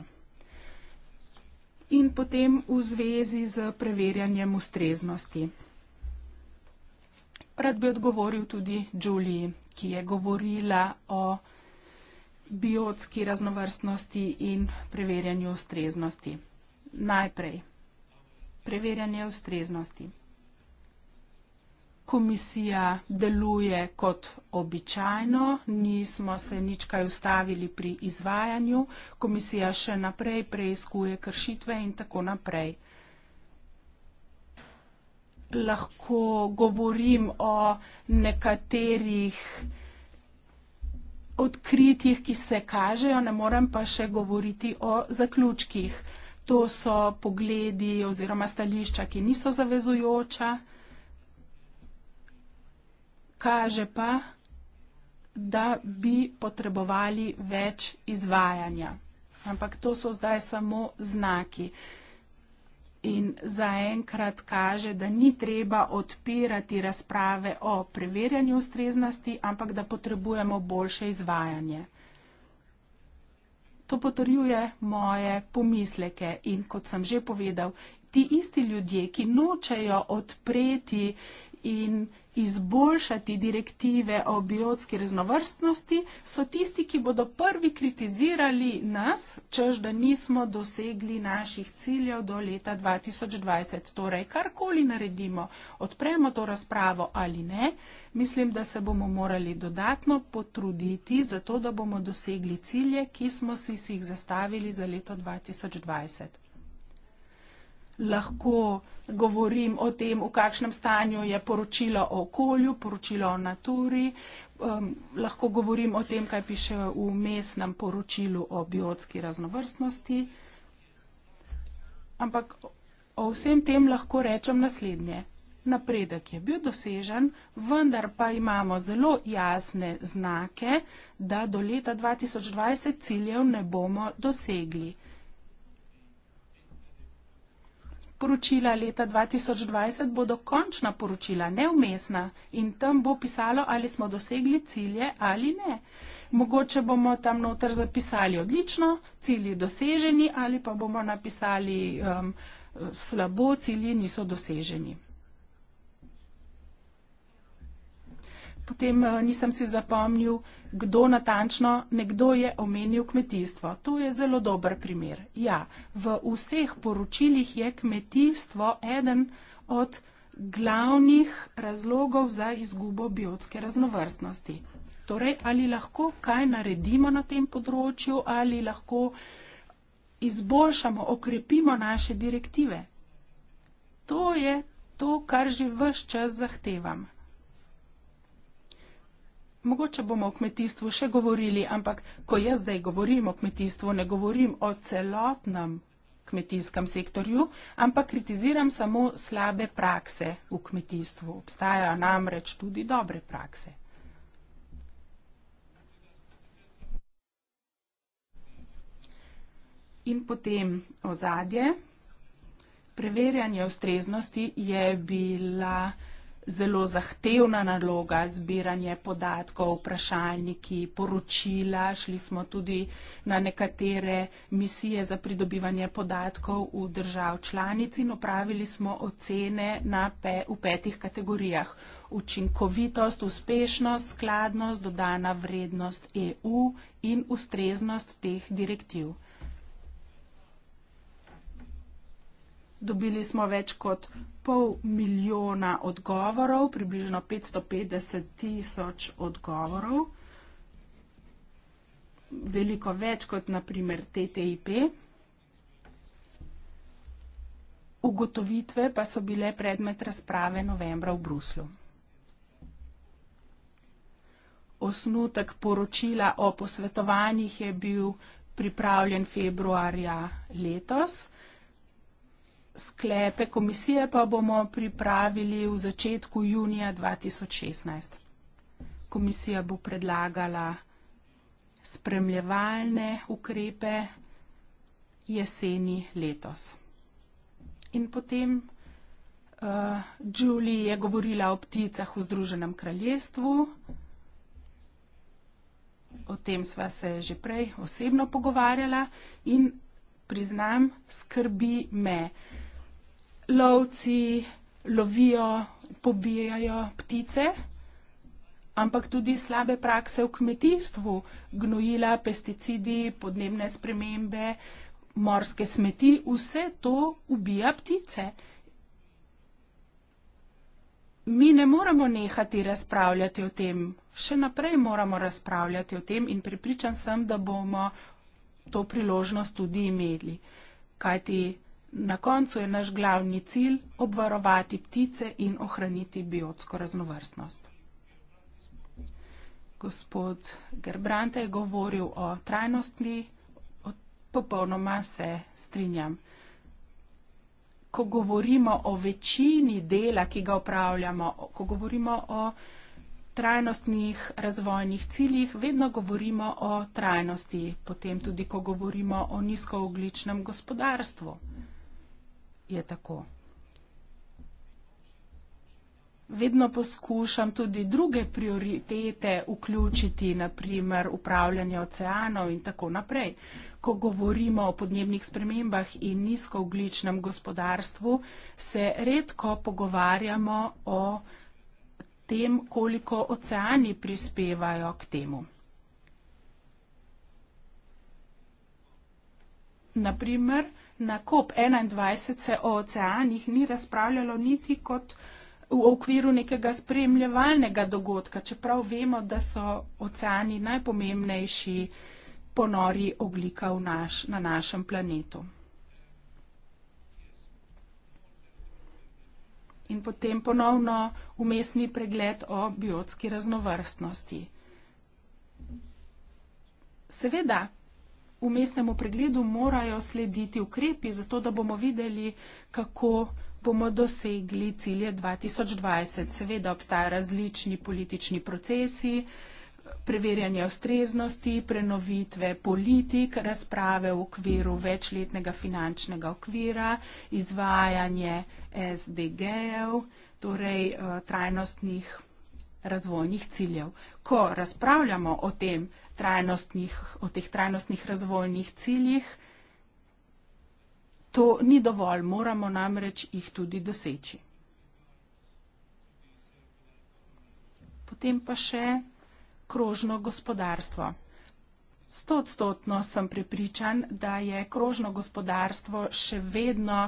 [SPEAKER 3] In potem v zvezi z preverjanjem ustreznosti. Rad bi odgovoril tudi Juliji ki je govorila o biotski raznovrstnosti in preverjanju ustreznosti. Najprej, preverjanje ustreznosti. Komisija deluje kot običajno, nismo se nič kaj ustavili pri izvajanju, komisija še naprej preizkuje kršitve in tako naprej lahko govorim o nekaterih odkritjih, ki se kažejo, ne morem pa še govoriti o zaključkih. To so pogledi oziroma stališča, ki niso zavezujoča, kaže pa, da bi potrebovali več izvajanja. Ampak to so zdaj samo znaki in zaenkrat kaže, da ni treba odpirati razprave o preverjanju ustreznosti, ampak da potrebujemo boljše izvajanje. To potrjuje moje pomisleke in kot sem že povedal, ti isti ljudje, ki nočejo odpreti in izboljšati direktive o biotski raznovrstnosti, so tisti, ki bodo prvi kritizirali nas, čež da nismo dosegli naših ciljev do leta 2020. Torej, karkoli naredimo, odpremo to razpravo ali ne, mislim, da se bomo morali dodatno potruditi za to, da bomo dosegli cilje, ki smo si jih zastavili za leto 2020 lahko govorim o tem, v kakšnem stanju je poročilo o okolju, poročilo o naturi, um, lahko govorim o tem, kaj piše v mestnem poročilu o biotski raznovrstnosti. Ampak o vsem tem lahko rečem naslednje. Napredek je bil dosežen, vendar pa imamo zelo jasne znake, da do leta 2020 ciljev ne bomo dosegli. poročila leta 2020 bodo končna poročila, neumestna in tam bo pisalo, ali smo dosegli cilje ali ne. Mogoče bomo tam noter zapisali odlično, cilji doseženi ali pa bomo napisali um, slabo, cilji niso doseženi. potem eh, nisem si zapomnil, kdo natančno nekdo je omenil kmetijstvo. To je zelo dober primer. Ja, v vseh poročilih je kmetijstvo eden od glavnih razlogov za izgubo biotske raznovrstnosti. Torej, ali lahko kaj naredimo na tem področju, ali lahko izboljšamo, okrepimo naše direktive. To je to, kar že vse čas zahtevam mogoče bomo o kmetijstvu še govorili, ampak ko jaz zdaj govorim o kmetijstvu, ne govorim o celotnem kmetijskem sektorju, ampak kritiziram samo slabe prakse v kmetijstvu. Obstajajo namreč tudi dobre prakse. In potem ozadje. Preverjanje ustreznosti je bila zelo zahtevna naloga, zbiranje podatkov, vprašalniki, poročila. Šli smo tudi na nekatere misije za pridobivanje podatkov v držav članic in opravili smo ocene na pe, v petih kategorijah. Učinkovitost, uspešnost, skladnost, dodana vrednost EU in ustreznost teh direktiv. dobili smo več kot pol milijona odgovorov, približno 550 tisoč odgovorov, veliko več kot naprimer TTIP. Ugotovitve pa so bile predmet razprave novembra v Bruslju. Osnutek poročila o posvetovanjih je bil pripravljen februarja letos sklepe komisije pa bomo pripravili v začetku junija 2016. Komisija bo predlagala spremljevalne ukrepe jeseni letos. In potem uh, Julie je govorila o pticah v Združenem kraljestvu. O tem sva se že prej osebno pogovarjala in priznam, skrbi me. Uh, lovci lovijo, pobijajo ptice, ampak tudi slabe prakse v kmetijstvu, gnojila, pesticidi, podnebne spremembe, morske smeti, vse to ubija ptice. Mi ne moremo nehati razpravljati o tem, še naprej moramo razpravljati o tem in pripričan sem, da bomo to priložnost tudi imeli. Kajti Na koncu je naš glavni cilj obvarovati ptice in ohraniti biotsko raznovrstnost. Gospod Gerbrante je govoril o trajnosti, popolnoma se strinjam. Ko govorimo o večini dela, ki ga upravljamo, ko govorimo o trajnostnih razvojnih ciljih, vedno govorimo o trajnosti, potem tudi, ko govorimo o nizkoogličnem gospodarstvu je tako. Vedno poskušam tudi druge prioritete vključiti, naprimer upravljanje oceanov in tako naprej. Ko govorimo o podnebnih spremembah in nizkoogličnem gospodarstvu, se redko pogovarjamo o tem, koliko oceani prispevajo k temu. Naprimer, na COP21 se o oceanih ni razpravljalo niti kot v okviru nekega spremljevalnega dogodka, čeprav vemo, da so oceani najpomembnejši ponori oglika naš, na našem planetu. In potem ponovno umestni pregled o biotski raznovrstnosti. Seveda, umestnemu pregledu morajo slediti ukrepi, zato da bomo videli, kako bomo dosegli cilje 2020. Seveda obstajajo različni politični procesi, preverjanje ustreznosti, prenovitve politik, razprave v okviru večletnega finančnega okvira, izvajanje SDG-jev, torej eh, trajnostnih razvojnih ciljev. Ko razpravljamo o tem, trajnostnih, o teh trajnostnih razvojnih ciljih. To ni dovolj, moramo namreč jih tudi doseči. Potem pa še krožno gospodarstvo. Stotstotno sem prepričan, da je krožno gospodarstvo še vedno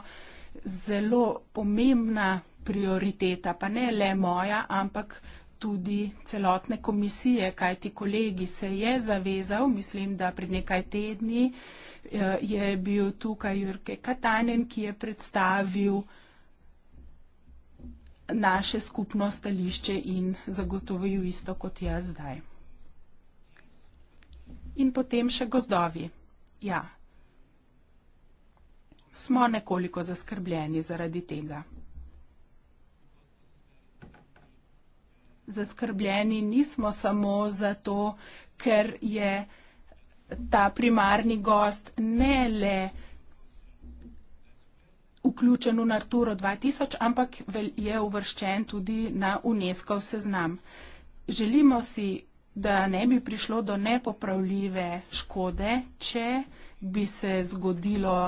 [SPEAKER 3] zelo pomembna prioriteta, pa ne le moja, ampak tudi celotne komisije, kajti kolegi se je zavezal, mislim, da pred nekaj tedni eh, je bil tukaj Jurke Katanen, ki je predstavil naše skupno stališče in zagotovil isto kot jaz zdaj. In potem še gozdovi. Ja, smo nekoliko zaskrbljeni zaradi tega. zaskrbljeni nismo samo zato, ker je ta primarni gost ne le vključen v Naturo 2000, ampak je uvrščen tudi na UNESCO seznam. Želimo si, da ne bi prišlo do nepopravljive škode, če bi se zgodilo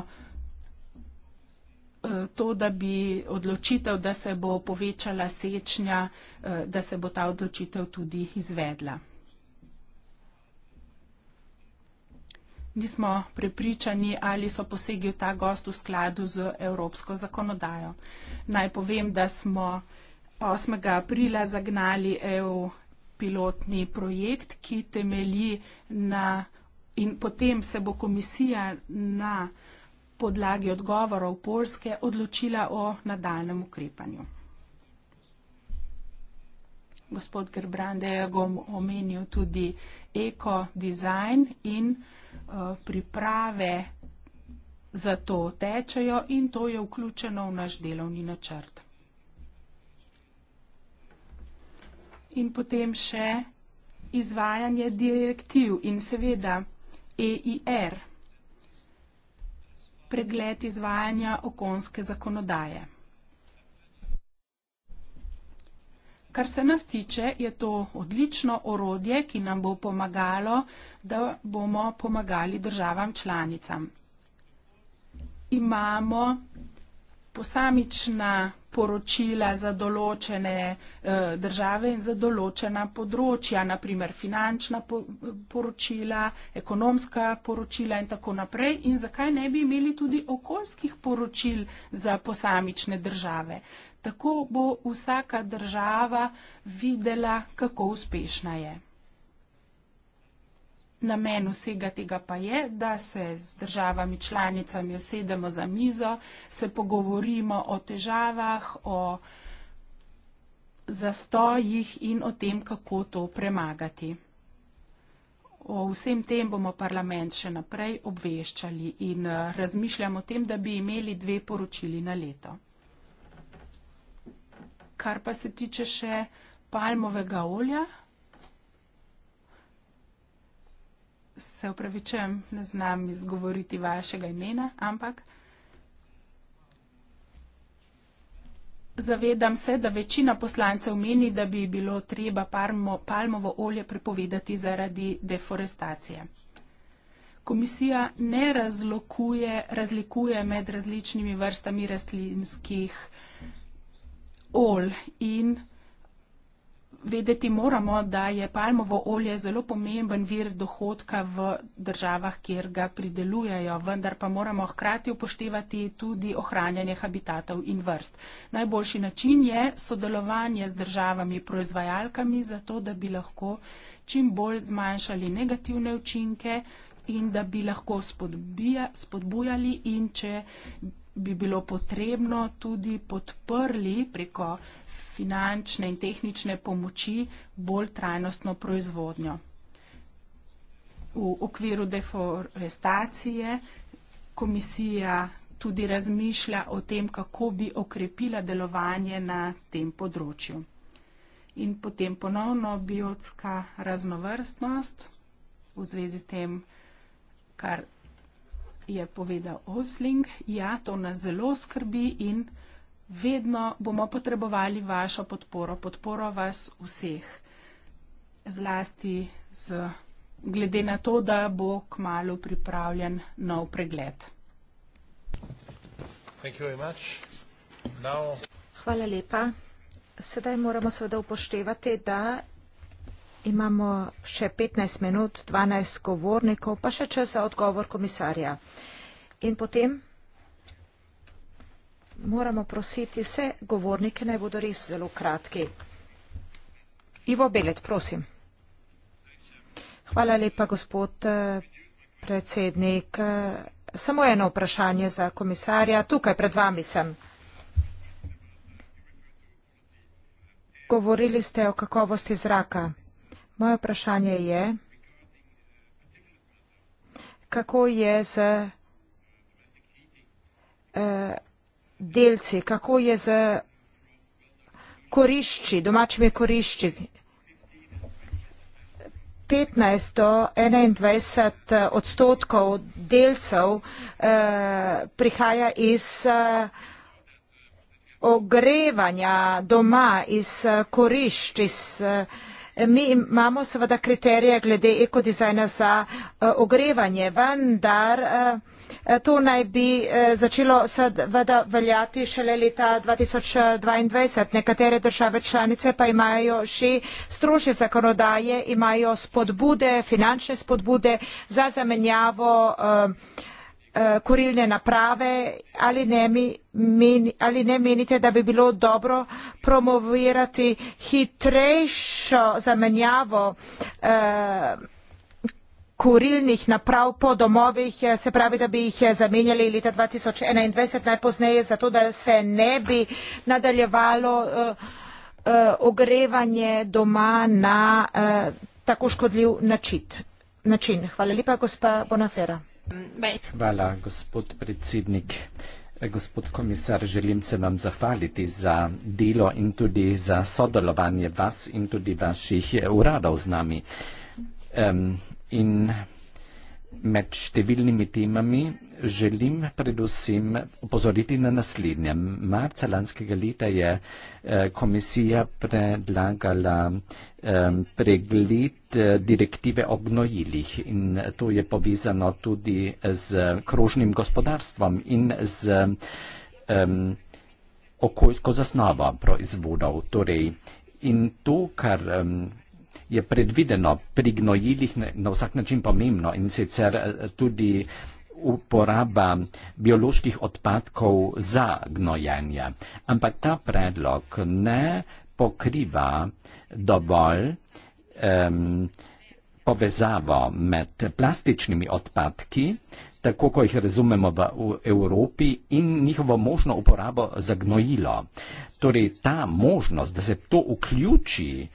[SPEAKER 3] Eh, to, da bi odločitev, da se bo povečala sečnja, eh, da se bo ta odločitev tudi izvedla. Nismo prepričani, ali so posegel ta gost v skladu z evropsko zakonodajo. Naj povem, da smo 8. aprila zagnali EU pilotni projekt, ki temelji na in potem se bo komisija na uh, podlagi odgovorov Poljske odločila o nadaljem ukrepanju. Gospod Gerbrande je omenil tudi ekodizajn in uh, priprave za to tečejo in to je vključeno v naš delovni načrt. In potem še izvajanje direktiv in seveda EIR pregled izvajanja okonske zakonodaje. Kar se nas tiče, je to odlično orodje, ki nam bo pomagalo, da bomo pomagali državam članicam. Imamo posamična poročila za določene eh, države in za določena področja, naprimer finančna poročila, ekonomska poročila in tako naprej. In zakaj ne bi imeli tudi okoljskih poročil za posamične države? Tako bo vsaka država videla, kako uspešna je. Namen vsega tega pa je, da se z državami članicami usedemo za mizo, se pogovorimo o težavah, o zastojih in o tem, kako to premagati. O vsem tem bomo parlament še naprej obveščali in eh, razmišljamo o tem, da bi imeli dve poročili na leto. Kar pa se tiče še palmovega olja, se upravičujem, ne znam izgovoriti vašega imena, ampak zavedam se, da večina poslancev meni, da bi bilo treba palmo, palmovo olje prepovedati zaradi deforestacije. Komisija ne razlokuje, razlikuje med različnimi vrstami rastlinskih olj in vedeti moramo, da je palmovo olje zelo pomemben vir dohodka v državah, kjer ga pridelujejo, vendar pa moramo hkrati upoštevati tudi ohranjanje habitatov in vrst. Najboljši način je sodelovanje z državami proizvajalkami, zato da bi lahko čim bolj zmanjšali negativne učinke in da bi lahko spodbija, spodbujali in če bi bilo potrebno tudi podprli preko finančne in tehnične pomoči bolj trajnostno proizvodnjo. V okviru deforestacije komisija tudi razmišlja o tem, kako bi okrepila delovanje na tem področju. In potem ponovno biotska raznovrstnost v zvezi s tem, kar je povedal Osling, ja, to nas zelo skrbi in vedno bomo potrebovali vašo podporo, podporo vas vseh. Zlasti z, glede na to, da bo k malu pripravljen nov pregled. Hvala lepa.
[SPEAKER 2] Sedaj moramo seveda upoštevati, da imamo še 15 minut, 12 govornikov, pa še čas za odgovor komisarja. In potem moramo prositi vse govornike, naj bodo res zelo kratki. Ivo Belet, prosim. Hvala lepa, gospod eh, predsednik. Eh, samo eno vprašanje za komisarja. Tukaj pred vami sem. Govorili ste o kakovosti zraka. Moje vprašanje je, kako je z eh, delci, kako je z korišči, domačimi korišči. 15 do 21 odstotkov delcev eh, prihaja iz eh, ogrevanja doma, iz eh, korišč, iz eh, Mi imamo seveda kriterije glede ekodizajna za eh, ogrevanje, vendar eh, to naj bi eh, začelo seveda veljati šele leta 2022. Nekatere države članice pa imajo še strožje zakonodaje, imajo spodbude, finančne spodbude za zamenjavo uh, uh, kurilne naprave, ali ne, meni, ali ne menite, da bi bilo dobro promovirati hitrejšo zamenjavo uh, kurilnih naprav po domovih, eh, se pravi, da bi jih zamenjali leta 2021 najpozneje, zato da se ne bi nadaljevalo uh, uh, ogrevanje doma na uh, tako škodljiv način. način. Hvala lepa, gospa Bonafera.
[SPEAKER 1] Hvala, gospod predsednik. Gospod komisar, želim se vam zahvaliti za delo in tudi za sodelovanje vas in tudi vaših uradov z nami. Um, med številnimi temami želim predvsem opozoriti na naslednje. Marca lanskega leta je eh, komisija predlagala eh, pregled eh, direktive o gnojilih in to je povezano tudi z krožnim gospodarstvom in z okoljsko zasnovo proizvodov. Torej, in to, kar um, je predvideno pri gnojilih na vsak način pomembno in sicer eh, tudi uporaba bioloških odpadkov za gnojenje. Ampak ta predlog ne pokriva dovolj um, povezavo med plastičnimi odpadki, tako kot jih razumemo v Evropi, in njihovo možno uporabo za gnojilo. Torej ta možnost, da se to vključi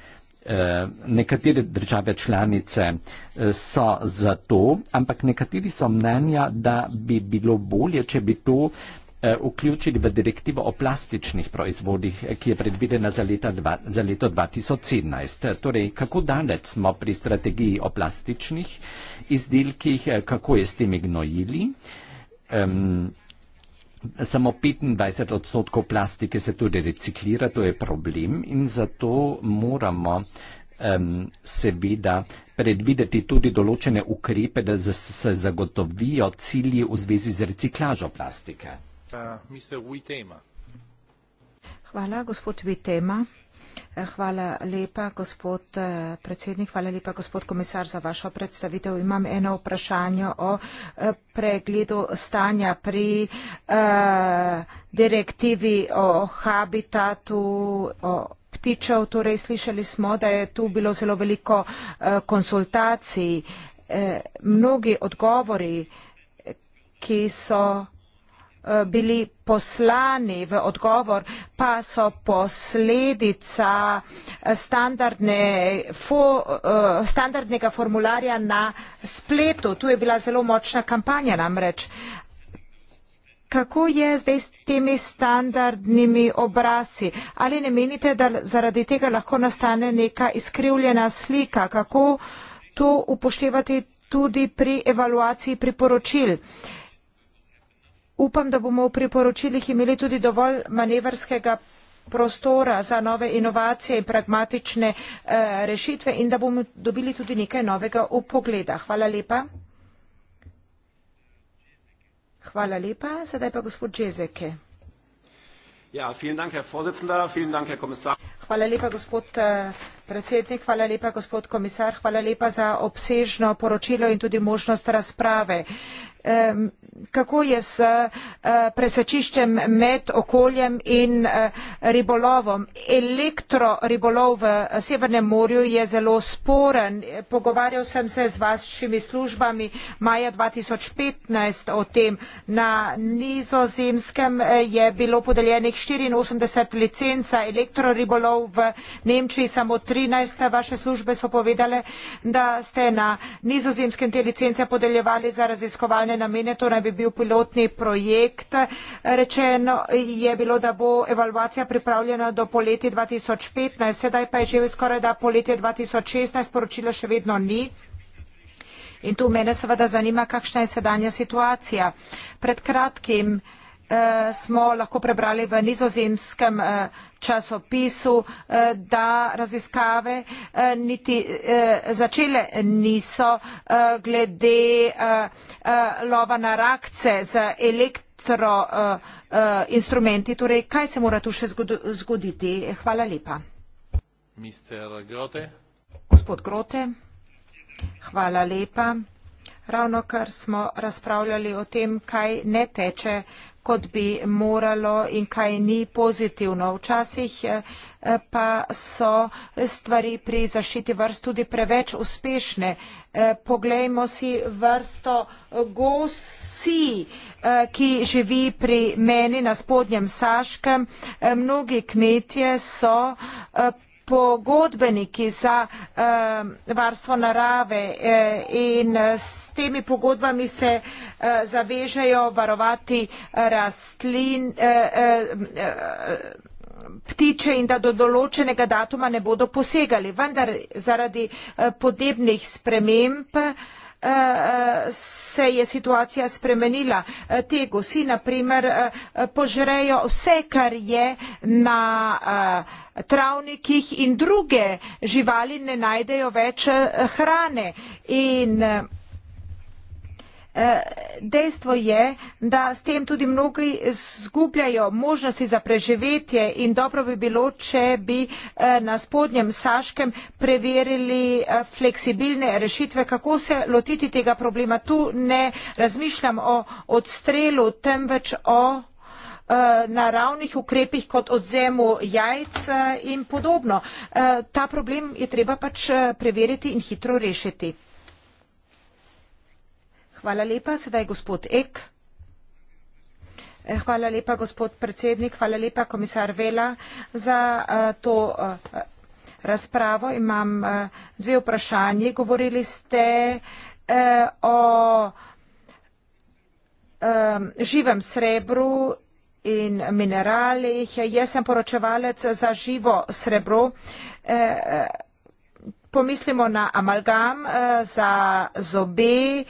[SPEAKER 1] Eh, nekatere države članice eh, so za to, ampak nekateri so mnenja, da bi bilo bolje, če bi to eh, vključili v direktivo o plastičnih proizvodih, ki je predvidena za, dva, za leto 2017. Torej, kako daleč smo pri strategiji o plastičnih izdelkih, kako je s temi gnojili? Um, samo 25 odstotkov plastike se tudi reciklira, to je problem in zato moramo um, seveda predvideti tudi določene ukrepe, da se zagotovijo cilji v zvezi z reciklažo plastike. Uh,
[SPEAKER 2] Hvala, gospod Vitema. Eh, hvala lepa, gospod eh, predsednik, hvala lepa, gospod komisar, za vašo predstavitev. Imam eno vprašanje o eh, pregledu stanja pri direktivi o habitatu. O ptičev, torej slišali smo, da je tu bilo zelo veliko konsultacij. Mnogi odgovori, ki so Eh, bili poslani v odgovor, pa so posledica eh, standardne, fo, eh, standardnega formularja na spletu. Tu je bila zelo močna kampanja namreč. Kako je zdaj s temi standardnimi obrazci? Ali ne menite, da zaradi tega lahko nastane neka izkrivljena slika? Kako to upoštevati tudi pri evaluaciji priporočil? Uh, Upam, da bomo v priporočilih imeli tudi dovolj manevrskega prostora za nove inovacije in pragmatične eh, rešitve in da bomo dobili tudi nekaj novega v pogleda. Hvala lepa. Hvala lepa. Sedaj pa gospod Džezeke.
[SPEAKER 1] Ja, vielen Dank, Herr Vorsitzender, vielen Dank, Herr Kommissar.
[SPEAKER 2] Hvala lepa, gospod. Eh, Predsednik, hvala lepa, gospod komisar, hvala lepa za obsežno poročilo in tudi možnost razprave. Kako je s eh, presečiščem med okoljem in eh, ribolovom? Elektroribolov v eh, Severnem morju je zelo sporen. Pogovarjal sem se z vašimi službami maja 2015 o tem. Na nizozemskem je bilo podeljenih 84 licenca elektroribolov v Nemčiji, samo 3. 2013 vaše službe so povedale, da ste na nizozemskem te licence podeljevali za raziskovalne namene, to naj bi bil pilotni projekt. Rečeno je bilo, da bo evaluacija pripravljena do poleti 2015, sedaj pa je že skoraj da poletje 2016, poročilo še vedno ni. In tu mene seveda zanima, kakšna je sedanja situacija. Pred kratkim Eh, smo lahko prebrali v nizozemskem eh, časopisu, eh, da raziskave niti začele niso glede lova na rakce z elektroinstrumenti. Torej, kaj se mora tu še zgoditi? Hvala lepa. Gospod Grote, hvala lepa. Ravno kar smo razpravljali o tem, kaj ne teče kot bi moralo in kaj ni pozitivno. Včasih eh, pa so stvari pri zaščiti vrst tudi preveč uspešne. Eh, poglejmo si vrsto gosi, eh, ki živi pri meni na spodnjem Saškem. Mnogi kmetje so pogodbeniki za eh, varstvo narave eh, in eh, s temi pogodbami se eh, zavežejo varovati rastlin. Eh, eh, eh, ptiče in da do določenega datuma ne bodo posegali. Vendar zaradi eh, podebnih sprememb eh, se je situacija spremenila. Te gosi, na primer, požrejo vse, kar je na travnikih in druge živali ne najdejo več eh, hrane. In eh, eh, dejstvo je, da s tem tudi mnogi zgubljajo možnosti za preživetje in dobro bi bilo, če bi na spodnjem Saškem preverili fleksibilne rešitve, kako se lotiti tega problema. Tu ne razmišljam o odstrelu, temveč o Eh, naravnih ukrepih kot odzemu jajc eh, in podobno. Eh, ta problem je treba pač preveriti in hitro rešiti. Hvala lepa, sedaj gospod Ek. Hvala lepa, gospod predsednik, hvala lepa, komisar Vela, za to razpravo. Imam dve vprašanje. Govorili ste o živem srebru in mineralih. Jaz sem poročevalec za živo srebro. Eh, eh, pomislimo na amalgam eh, za zobe.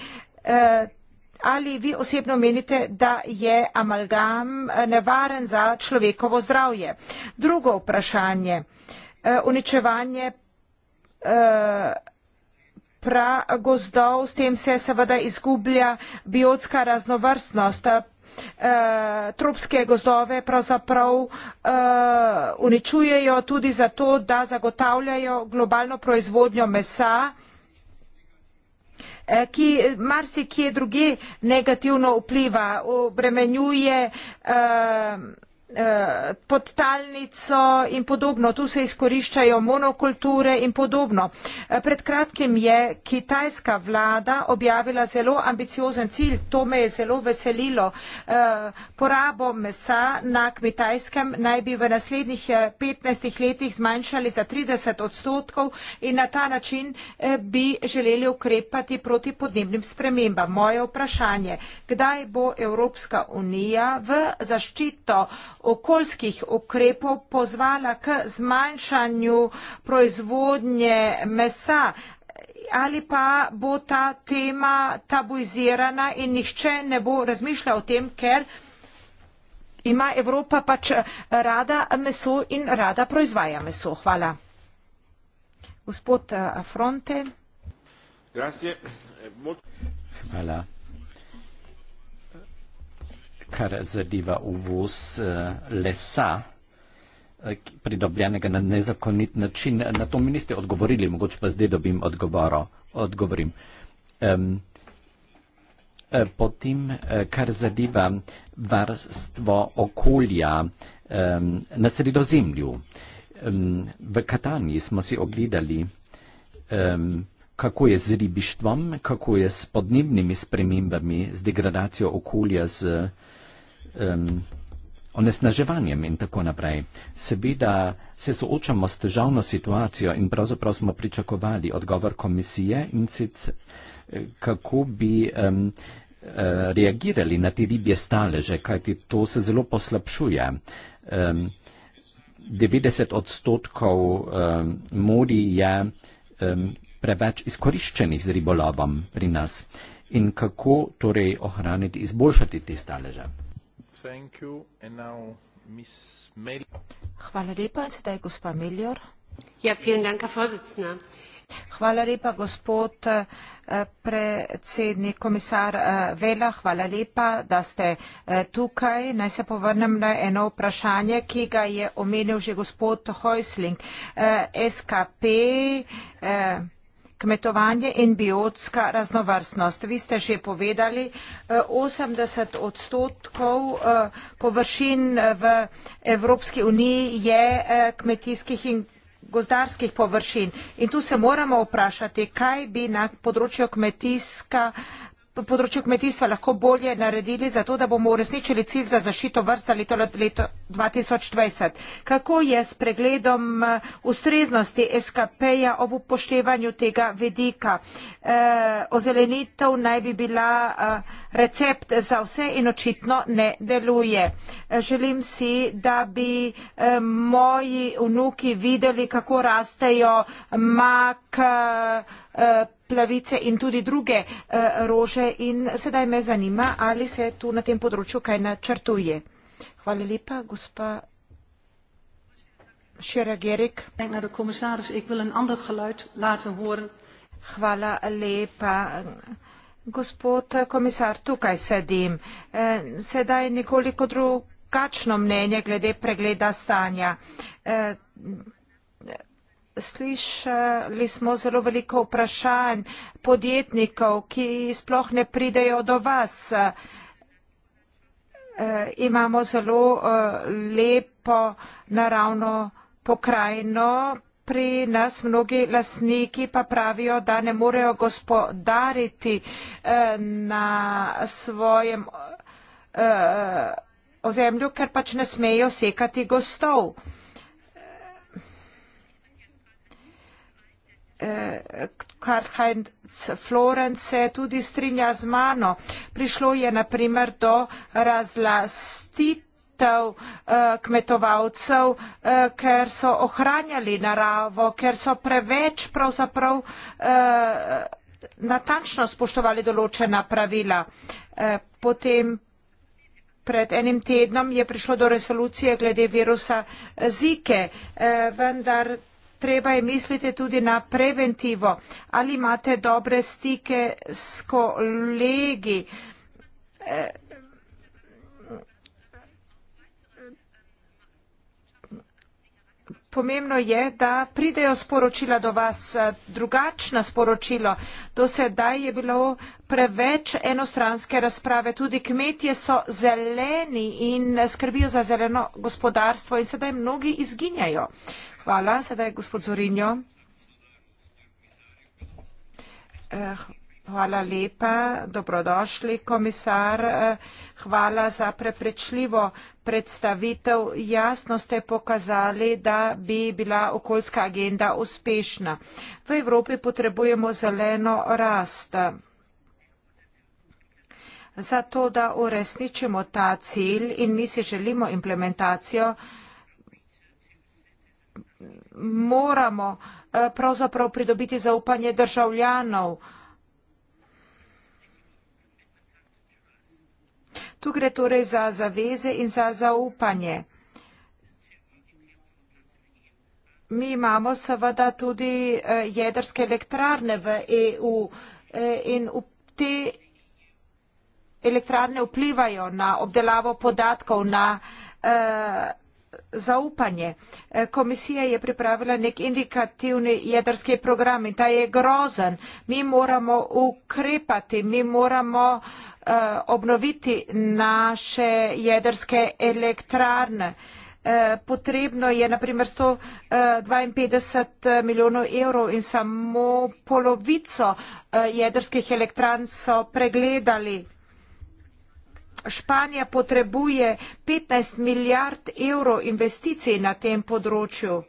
[SPEAKER 2] Ali vi osebno menite, da je amalgam nevaren za človekovo zdravje? Drugo vprašanje. Uničevanje pragozdov, s tem se seveda izgublja biotska raznovrstnost eh, tropske gozdove pravzaprav eh, uničujejo tudi zato, da zagotavljajo globalno proizvodnjo mesa, eh, ki marsikje druge negativno vpliva, obremenjuje. Eh, Eh, podtalnico in podobno. Tu se izkoriščajo monokulture in podobno. Eh, pred kratkim je kitajska vlada objavila zelo ambiciozen cilj, to me je zelo veselilo. Eh, porabo mesa na kmetajskem naj bi v naslednjih 15 letih zmanjšali za 30 odstotkov in na ta način bi želeli ukrepati proti podnebnim spremembam. Moje vprašanje, kdaj bo Evropska unija v zaščito okoljskih ukrepov pozvala k zmanjšanju proizvodnje mesa. Ali pa bo ta tema tabuizirana in nihče ne bo razmišljal o tem, ker ima Evropa pač rada meso in rada proizvaja meso. Hvala. Gospod eh, Fronte.
[SPEAKER 1] Eh, Hvala kar zadeva uvoz uh, lesa eh, pridobljenega na nezakonit način. Na to mi niste odgovorili, mogoče pa zdaj dobim odgovoro. Odgovorim. Um, potem, kar zadeva varstvo okolja um, na sredozemlju. Um, v Katani smo si ogledali, um, kako je z ribištvom, kako je s podnebnimi spremembami, z degradacijo okolja, z uh, um, onesnaževanjem in tako naprej. Seveda se soočamo s težavno situacijo in pravzaprav smo pričakovali odgovor komisije in sicer eh, kako bi. Um, reagirali na te ribje staleže, kajti to se zelo poslabšuje. 90 odstotkov mori je preveč izkoriščenih z ribolovom pri nas. In kako torej ohraniti, izboljšati te staleže?
[SPEAKER 3] Thank you. And now, Mel
[SPEAKER 2] Hvala lepa. Sedaj gospa Melior. Ja, dank, Hvala lepa, gospod eh, predsednik, komisar eh, Vela, hvala lepa, da ste eh, tukaj. Naj se povrnem na eno vprašanje, ki ga je omenil že gospod Hojsling. SKP kmetovanje in biotska raznovrstnost. Vi ste že povedali, 80 eh, odstotkov eh, površin eh, v Evropski uniji je kmetijskih in gozdarskih površin. In tu se moramo vprašati, kaj bi na področju kmetijska področju kmetijstva lahko bolje naredili za to, da bomo uresničili cilj za zaščito vrst za leto, leto 2020? Kako je s pregledom eh, ustreznosti SKP-ja ob upoštevanju tega vedika? E, eh, ozelenitev naj bi bila eh, recept za vse in očitno ne deluje. Želim si, da bi moji vnuki videli, kako rastejo mak, Eh, plavice in tudi druge eh, rože in sedaj me zanima, ali se tu na tem področju kaj načrtuje. Hvala lepa, gospa. Hvala lepa. Gospod komisar, tukaj sedim. Eh, sedaj nekoliko drugačno mnenje glede pregleda stanja slišali smo zelo veliko vprašanj podjetnikov, ki sploh ne pridejo do vas. Eh, imamo zelo eh, lepo naravno pokrajino. Pri nas mnogi lasniki pa pravijo, da ne morejo gospodariti eh, na svojem ozemlju, ker pač ne smejo sekati gostov. Eh, kar Heinz Florenc se tudi strinja z mano. Prišlo je naprimer do razlastitev eh, kmetovalcev, eh, ker so ohranjali naravo, ker so preveč pravzaprav natančno spoštovali določena pravila. Potem pred enim tednom je prišlo do resolucije glede virusa Zike, vendar treba je misliti tudi na preventivo. Ali imate dobre stike s kolegi? Pomembno je, da pridejo sporočila do vas, drugačna sporočilo. Do sedaj je bilo preveč enostranske razprave. Tudi kmetje so zeleni in skrbijo za zeleno gospodarstvo in sedaj mnogi izginjajo. Hvala. Sedaj je gospod Zorinjo. Eh, hvala lepa. Dobrodošli, komisar. Eh, hvala za preprečljivo predstavitev. Jasno ste pokazali, da bi bila okoljska agenda uspešna. V Evropi potrebujemo zeleno rast. Zato, da uresničimo ta cilj in mi si želimo implementacijo, moramo eh, pravzaprav pridobiti zaupanje državljanov. Tu gre torej za zaveze in za zaupanje. Mi imamo seveda tudi eh, jedrske elektrarne v EU eh, in te elektrarne vplivajo na obdelavo podatkov, na zaupanje. Eh, komisija je pripravila nek indikativni jedrski program in ta je grozen. Mi moramo ukrepati, mi moramo eh, obnoviti naše jedrske elektrarne. Eh, potrebno je na primer 152 milijonov evrov in samo polovico jedrskih elektran so pregledali. Španija potrebuje 15 milijard evrov investicij na tem področju.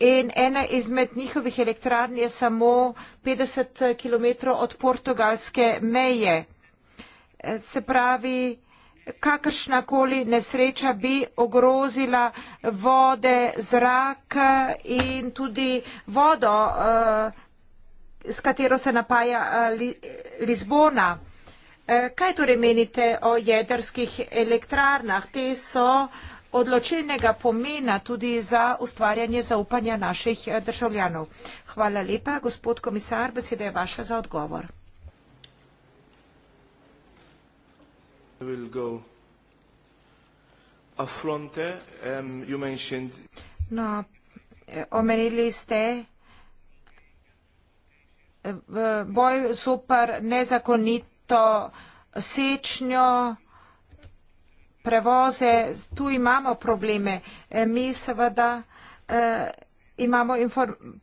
[SPEAKER 2] In ena izmed njihovih elektrarn je samo 50 km od portugalske meje. Se pravi, kakršnakoli nesreča bi ogrozila vode, zrak in tudi vodo, eh, s katero se napaja eh, Lizbona. Li Eh, kaj torej menite o jedrskih elektrarnah? Te so odločilnega pomena tudi za ustvarjanje zaupanja naših eh, državljanov. Hvala lepa, gospod komisar, beseda je vaša za odgovor. Fronte, um, no, eh, omenili ste boj super nezakonit leto, sečnjo, prevoze, tu imamo probleme. E, mi seveda eh, imamo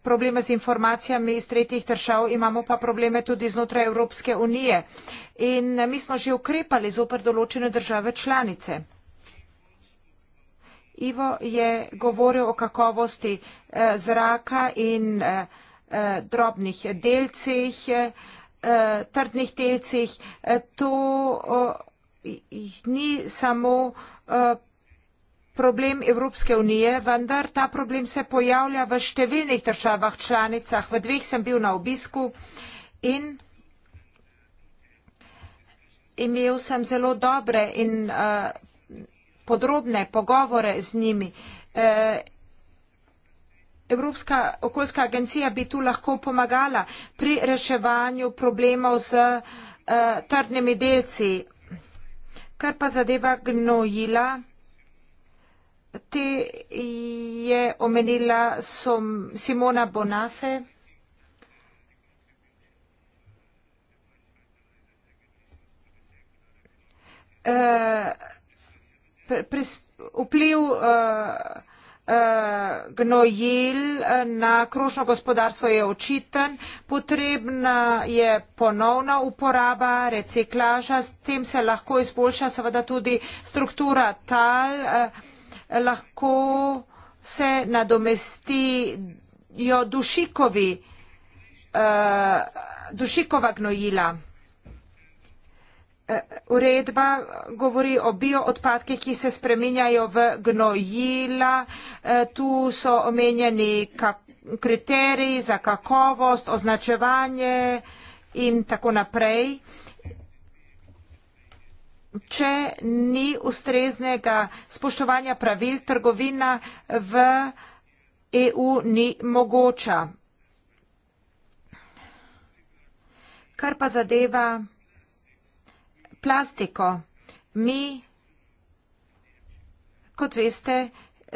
[SPEAKER 2] probleme z informacijami iz tretjih držav, imamo pa probleme tudi znotraj Evropske unije. In mi smo že ukrepali zoper določene države članice. Ivo je govoril o kakovosti eh, zraka in eh, drobnih delcih. Eh, uh, trdnih delcih. Eh, to uh, ni samo uh, problem Evropske unije, vendar ta problem se pojavlja v številnih državah članicah. V dveh sem bil na obisku in imel sem zelo dobre in uh, podrobne pogovore z njimi. Uh, Evropska okoljska agencija bi tu lahko pomagala pri reševanju problemov z uh, trdnimi delci. Kar pa zadeva gnojila, te je omenila Simona Bonafe. Uh, eh, pri, pri, vpliv uh, gnojil eh, na krušno gospodarstvo je očiten, potrebna je ponovna uporaba, reciklaža, s tem se lahko izboljša seveda tudi struktura tal, eh, lahko se nadomestijo dušikovi, eh, dušikova gnojila. Uredba govori o bioodpadkih, ki se spreminjajo v gnojila. E, tu so omenjeni kriteriji za kakovost, označevanje in tako naprej. Če ni ustreznega spoštovanja pravil, trgovina v EU ni mogoča. Kar pa zadeva plastiko. Mi, kot veste,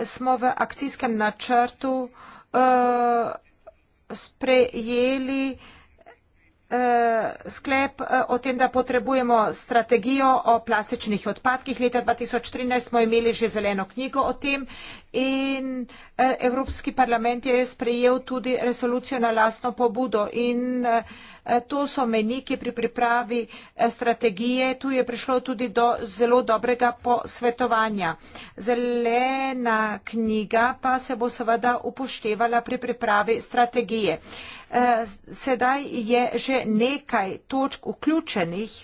[SPEAKER 2] smo v akcijskem načrtu uh, sprejeli eh, sklep eh, o tem, da potrebujemo strategijo o plastičnih odpadkih. Leta 2013 smo imeli že zeleno knjigo o tem in Evropski parlament je sprejel tudi resolucijo na lastno pobudo in Eh, to so meniki pri pripravi eh, strategije. Tu je prišlo tudi do zelo dobrega posvetovanja. Zelena knjiga pa se bo seveda upoštevala pri pripravi strategije. Eh, sedaj je že nekaj točk vključenih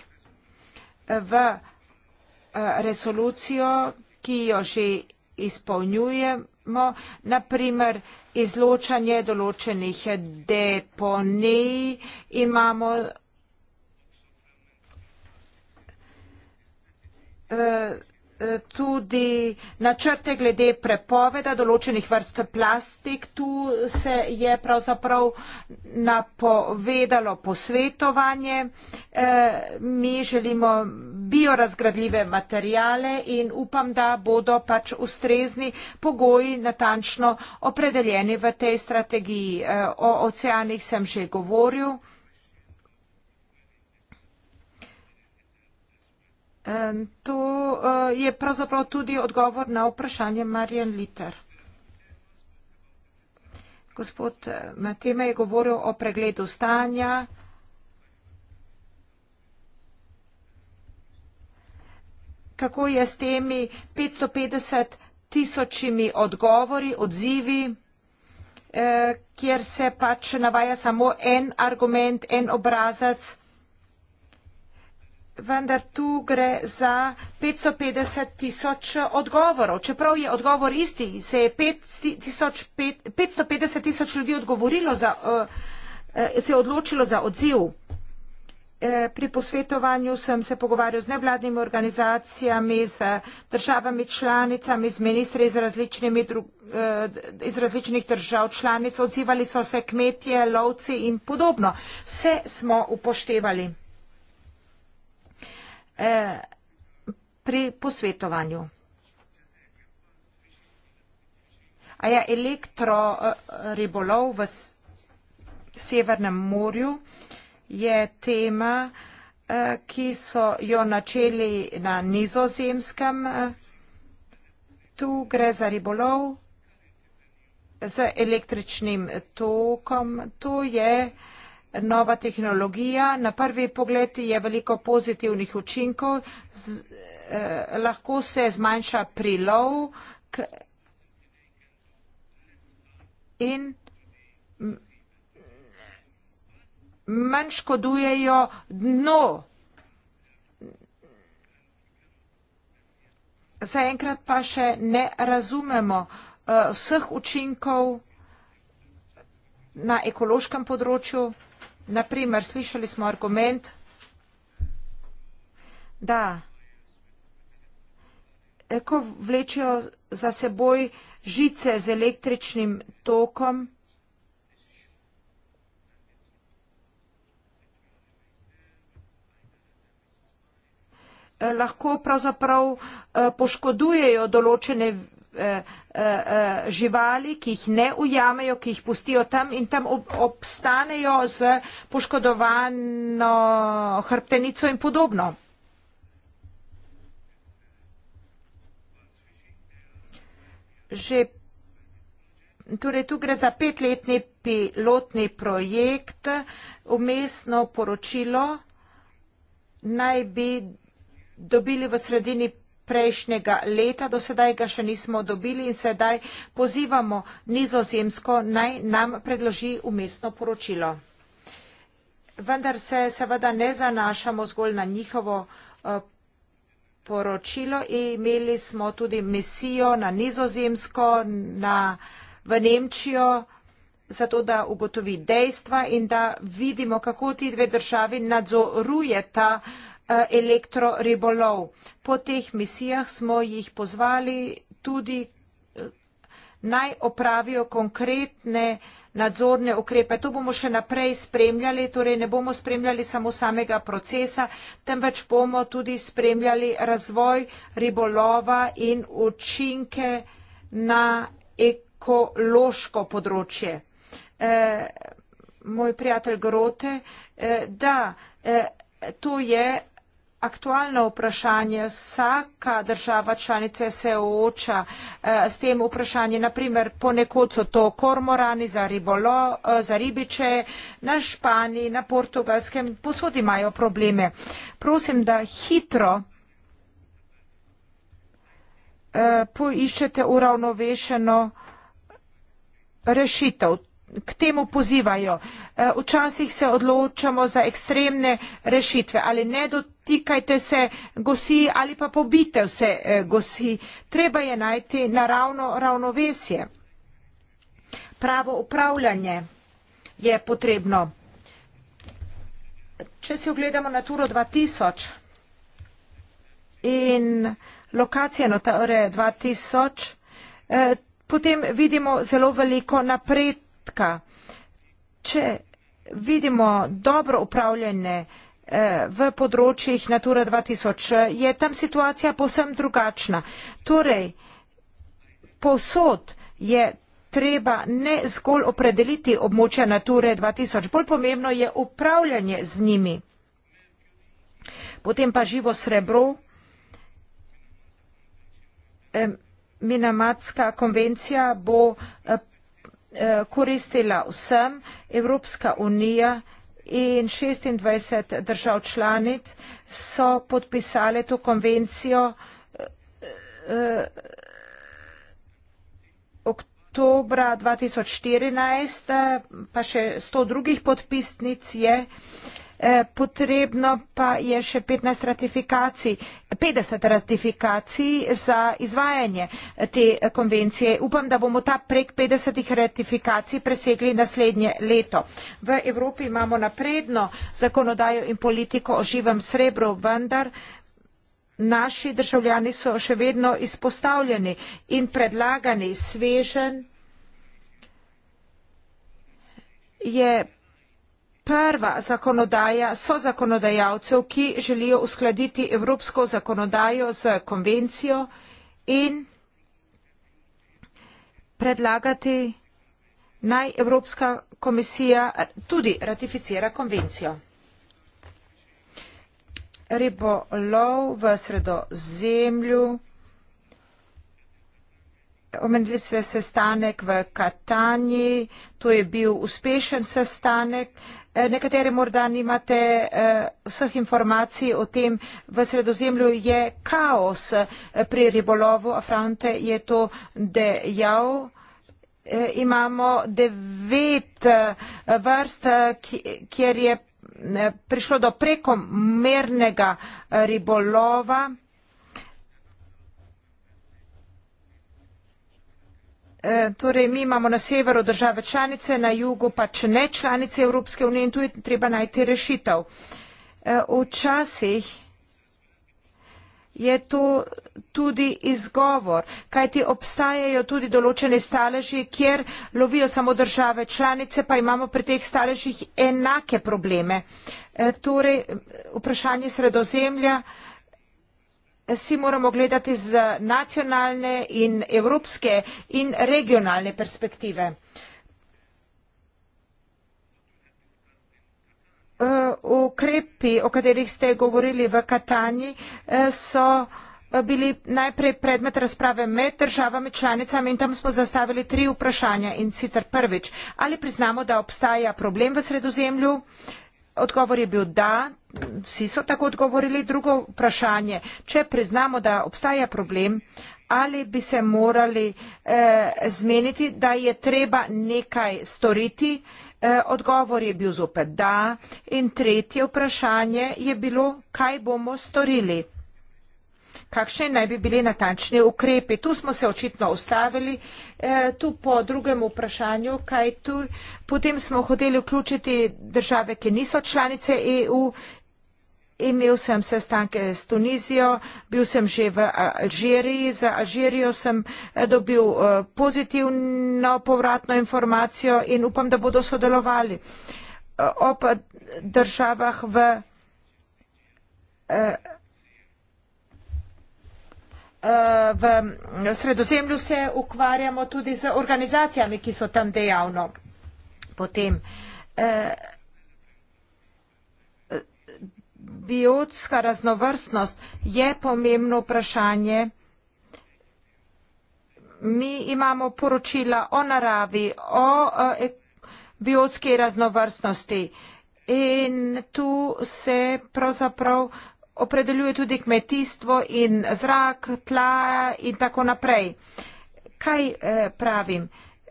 [SPEAKER 2] v resolucijo, ki jo že izpolnjujemo, naprimer izločanje določenih deponij imamo uh, tudi načrte glede prepoveda določenih vrst plastik. Tu se je pravzaprav napovedalo posvetovanje. Eh, mi želimo biorazgradljive materijale in upam, da bodo pač ustrezni pogoji natančno opredeljeni v tej strategiji. Eh, o oceanih sem že govoril. To e, je pravzaprav tudi odgovor na vprašanje Marjan Liter. Gospod e, Matema je govoril o pregledu stanja. Kako je s temi 550 tisočimi odgovori, odzivi, e, kjer se pač navaja samo en argument, en obrazac vendar tu gre za 550 tisoč odgovorov. Čeprav je odgovor isti, se je 550 tisoč ljudi odgovorilo za, eh, eh, se je odločilo za odziv. Eh, pri posvetovanju sem se pogovarjal z nevladnimi organizacijami, z državami članicami, z ministri iz, iz različnih držav članic. Odzivali so se kmetje, lovci in podobno. Vse smo upoštevali. Eh, pri posvetovanju. A je elektro ribolov v Severnem morju je tema, eh, ki so jo načeli na nizozemskem. Eh, tu gre za ribolov z električnim tokom. To je eh, nova tehnologija. Na prvi pogled je veliko pozitivnih učinkov, z, eh, lahko se zmanjša prilov k, in manj škodujejo dno. Zaenkrat pa še ne razumemo uh, vseh učinkov na ekološkem področju. Naprimer, slišali smo argument, da eh, ko vlečijo za seboj žice z električnim tokom, eh, lahko pravzaprav eh, poškodujejo določene uh, uh, živali, ki jih ne ujamejo, ki jih pustijo tam in tam ob, obstanejo z poškodovano hrbtenico in podobno. Že torej tu gre za petletni pilotni projekt, umestno poročilo naj bi dobili v sredini prejšnjega leta, do sedaj ga še nismo dobili in sedaj pozivamo nizozemsko naj nam predloži umestno poročilo. Vendar se seveda ne zanašamo zgolj na njihovo eh, poročilo. Imeli smo tudi misijo na nizozemsko, na, v Nemčijo, zato da ugotovi dejstva in da vidimo, kako ti dve državi nadzorujeta uh, Eh, elektroribolov. Po teh misijah smo jih pozvali tudi eh, naj opravijo konkretne nadzorne ukrepe. To bomo še naprej spremljali, torej ne bomo spremljali samo samega procesa, temveč bomo tudi spremljali razvoj ribolova in učinke na ekološko področje. E, moj prijatelj Grote, e, da, e, to je aktualno vprašanje. Vsaka država članice se ooča eh, s tem vprašanjem. Naprimer, ponekod so to kormorani za, ribolo, eh, za ribiče, na Španiji, na Portugalskem, posod imajo probleme. Prosim, da hitro eh, poiščete uravnovešeno rešitev k temu pozivajo. E, včasih se odločamo za ekstremne rešitve, ali ne dotikajte se gosi ali pa pobite vse e, gosi. Treba je najti naravno ravnovesje. Pravo upravljanje je potrebno. Če si ogledamo Naturo 2000 in lokacije Notare 2000, e, potem vidimo zelo veliko napredka skratka, če vidimo dobro upravljene eh, v področjih Natura 2000, je tam situacija povsem drugačna. Torej, posod je treba ne zgolj opredeliti območja Nature 2000, bolj pomembno je upravljanje z njimi. Potem pa živo srebro. Minamatska konvencija bo eh, Eh, koristila vsem, Evropska unija in 26 držav članic so podpisale to konvencijo eh, eh, oktobra 2014, pa še 100 drugih podpisnic je. Eh, potrebno pa je še 15 ratifikacij, 50 ratifikacij za izvajanje te konvencije. Upam, da bomo ta prek 50 ratifikacij presegli naslednje leto. V Evropi imamo napredno zakonodajo in politiko o živem srebru, vendar naši državljani so še vedno izpostavljeni in predlagani svežen je prva zakonodaja so zakonodajalcev, ki želijo uskladiti evropsko zakonodajo z konvencijo in predlagati naj Evropska komisija tudi ratificira konvencijo. Ribolov v sredozemlju, omenili ste sestanek v Katanji, to je bil uspešen sestanek, Eh, nekateri morda nimate eh, vseh informacij o tem, v sredozemlju je kaos eh, pri ribolovu, a Frante je to dejal. Imamo devet vrst, kjer je prišlo do prekomernega ribolova. Eh, torej mi imamo na severu države članice, na jugu pač ne članice Evropske unije in tu je treba najti rešitev. Eh, včasih je to tudi izgovor, kaj ti obstajajo tudi določene staleži, kjer lovijo samo države članice, pa imamo pri teh staležih enake probleme. Eh, torej, vprašanje sredozemlja, si moramo gledati z nacionalne in evropske in regionalne perspektive. Eh, ukrepi, o katerih ste govorili v Katanji, eh, so eh, bili najprej predmet razprave med državami članicami in tam smo zastavili tri vprašanja in sicer prvič, ali priznamo, da obstaja problem v sredozemlju, Odgovor je bil da, vsi so tako odgovorili. Drugo vprašanje, če priznamo, da obstaja problem, ali bi se morali eh, zmeniti, da je treba nekaj storiti. Eh, odgovor je bil zopet da. In tretje vprašanje je bilo, kaj bomo storili kakšni naj bi bili natančni ukrepi. Tu smo se očitno ustavili, eh, tu po drugem vprašanju, kaj tu. Potem smo hoteli vključiti države, ki niso članice EU. Imel sem sestanke s Tunizijo, bil sem že v Alžiriji, za Alžirijo sem eh, dobil eh, pozitivno povratno informacijo in upam, da bodo sodelovali eh, ob državah v v Sredozemlju se ukvarjamo tudi z organizacijami, ki so tam dejavno potem. Eh, biotska raznovrstnost je pomembno vprašanje. Mi imamo poročila o naravi, o eh, biotski raznovrstnosti in tu se pravzaprav opredeljuje tudi kmetijstvo in zrak, tla in tako naprej. Kaj eh, pravim?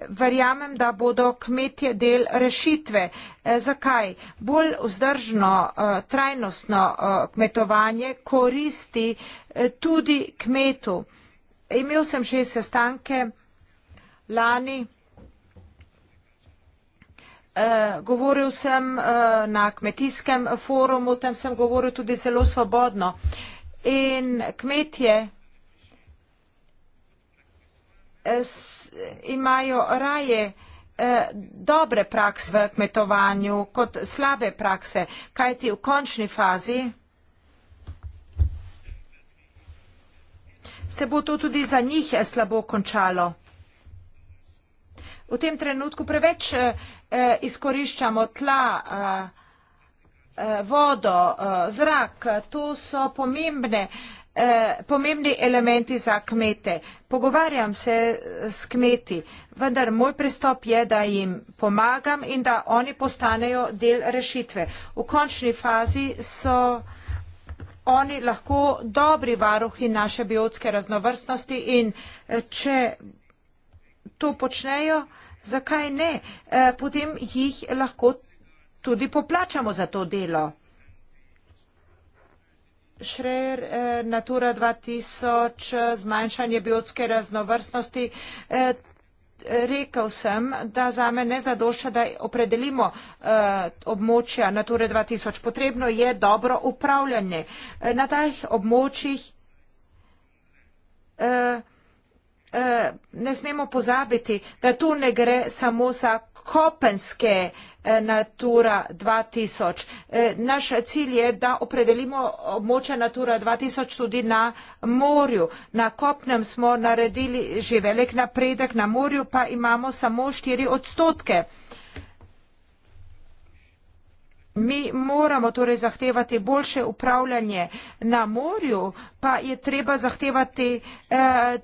[SPEAKER 2] Verjamem, da bodo kmetje del rešitve. Eh, zakaj? Bolj vzdržno, eh, trajnostno kmetovanje koristi tudi kmetu. Imel sem že sestanke lani. Eh, govoril sem eh, na kmetijskem forumu, tam sem govoril tudi zelo svobodno. In kmetje eh, imajo raje dobre prakse v kmetovanju kot slabe prakse, kajti v končni fazi se bo to tudi za njih slabo končalo. V tem trenutku preveč Eh, izkoriščamo tla, eh, eh, vodo, zrak. To so pomembne, pomembni elementi za kmete. Pogovarjam se s kmeti, vendar moj pristop je, da jim pomagam in da oni postanejo del rešitve. V končni fazi so oni lahko dobri varuhi naše biotske raznovrstnosti in če to počnejo, zakaj ne, eh, potem jih lahko tudi poplačamo za to delo. Šrejer, eh, Natura 2000, eh, zmanjšanje biotske raznovrstnosti. Rekel sem, da za me ne zadošča, da opredelimo območja Nature 2000. Potrebno je dobro upravljanje. Na teh območjih Eh, ne smemo pozabiti, da tu ne gre samo za kopenske eh, Natura 2000. Eh, naš cilj je, da opredelimo območje Natura 2000 tudi na morju. Na kopnem smo naredili že velik napredek, na morju pa imamo samo 4 odstotke. Mi moramo torej zahtevati boljše upravljanje na morju, pa je treba zahtevati eh,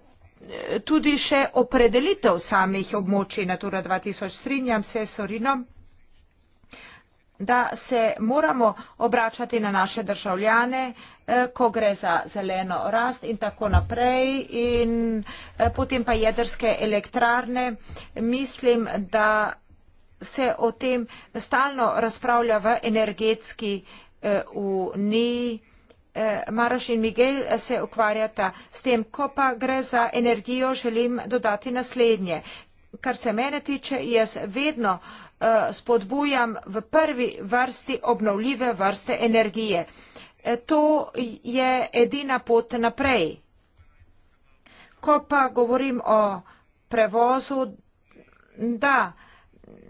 [SPEAKER 2] tudi še opredelitev samih območij Natura 2000. Strinjam se s Sorinom, da se moramo obračati na naše državljane, eh, ko gre za zeleno rast in tako naprej. In eh, potem pa jedrske elektrarne. Mislim, da se o tem stalno razpravlja v energetski eh, uniji. Uh, Eh, Maroš in Miguel eh, se ukvarjata s tem, ko pa gre za energijo, želim dodati naslednje. Kar se mene tiče, jaz vedno eh, spodbujam v prvi vrsti obnovljive vrste energije. To je edina pot naprej. Ko pa govorim o prevozu, da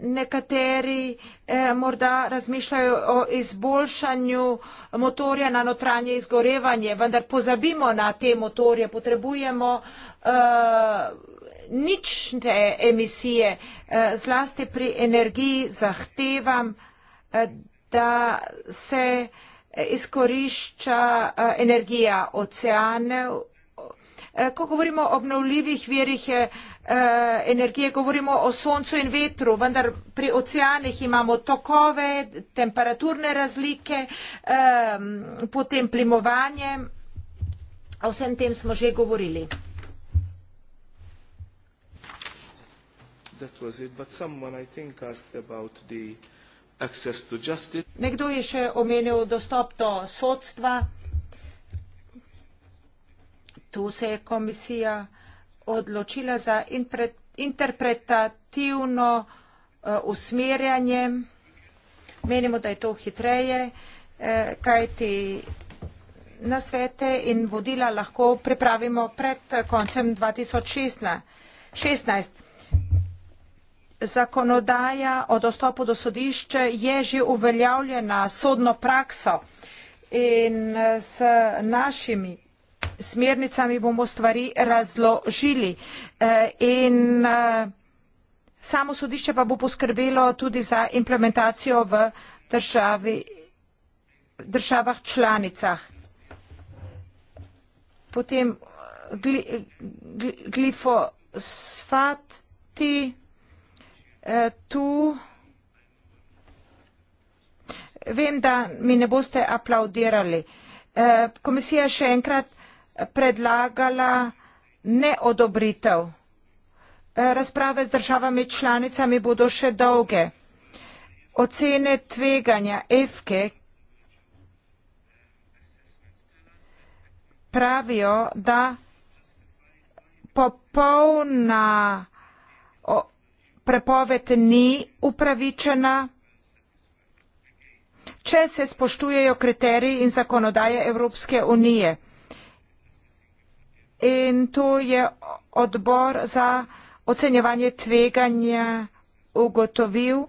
[SPEAKER 2] nekateri eh, morda razmišljajo o izboljšanju motorja na notranje izgorevanje, vendar pozabimo na te motorje, potrebujemo eh, nične emisije, eh, zlasti pri energiji zahtevam, eh, da se izkorišča eh, energija oceanev. Eh, ko govorimo o obnovljivih virih, eh, uh, energije, govorimo o soncu in vetru, vendar pri oceanih imamo tokove, temperaturne razlike, um, potem plimovanje. O vsem tem smo že govorili. Nekdo je še omenil dostop do sodstva. Tu se je komisija uh, odločila za interpretativno eh, usmerjanje. Menimo, da je to hitreje, eh, kajti na svete in vodila lahko pripravimo pred eh, koncem 2016. Zakonodaja o dostopu do sodišče je že uveljavljena sodno prakso in s našimi smernicami bomo stvari razložili. E, in e, samo sodišče pa bo poskrbelo tudi za implementacijo v državi, državah članicah. Potem gli, gli, glifosfati e, tu. Vem, da mi ne boste aplaudirali. Komisija še enkrat predlagala neodobritev. Eh, razprave z državami članicami bodo še dolge. Ocene tveganja EFKE pravijo, da popolna prepoved ni upravičena, če se spoštujejo kriteriji in zakonodaje Evropske unije in to je odbor za ocenjevanje tveganja ugotovil.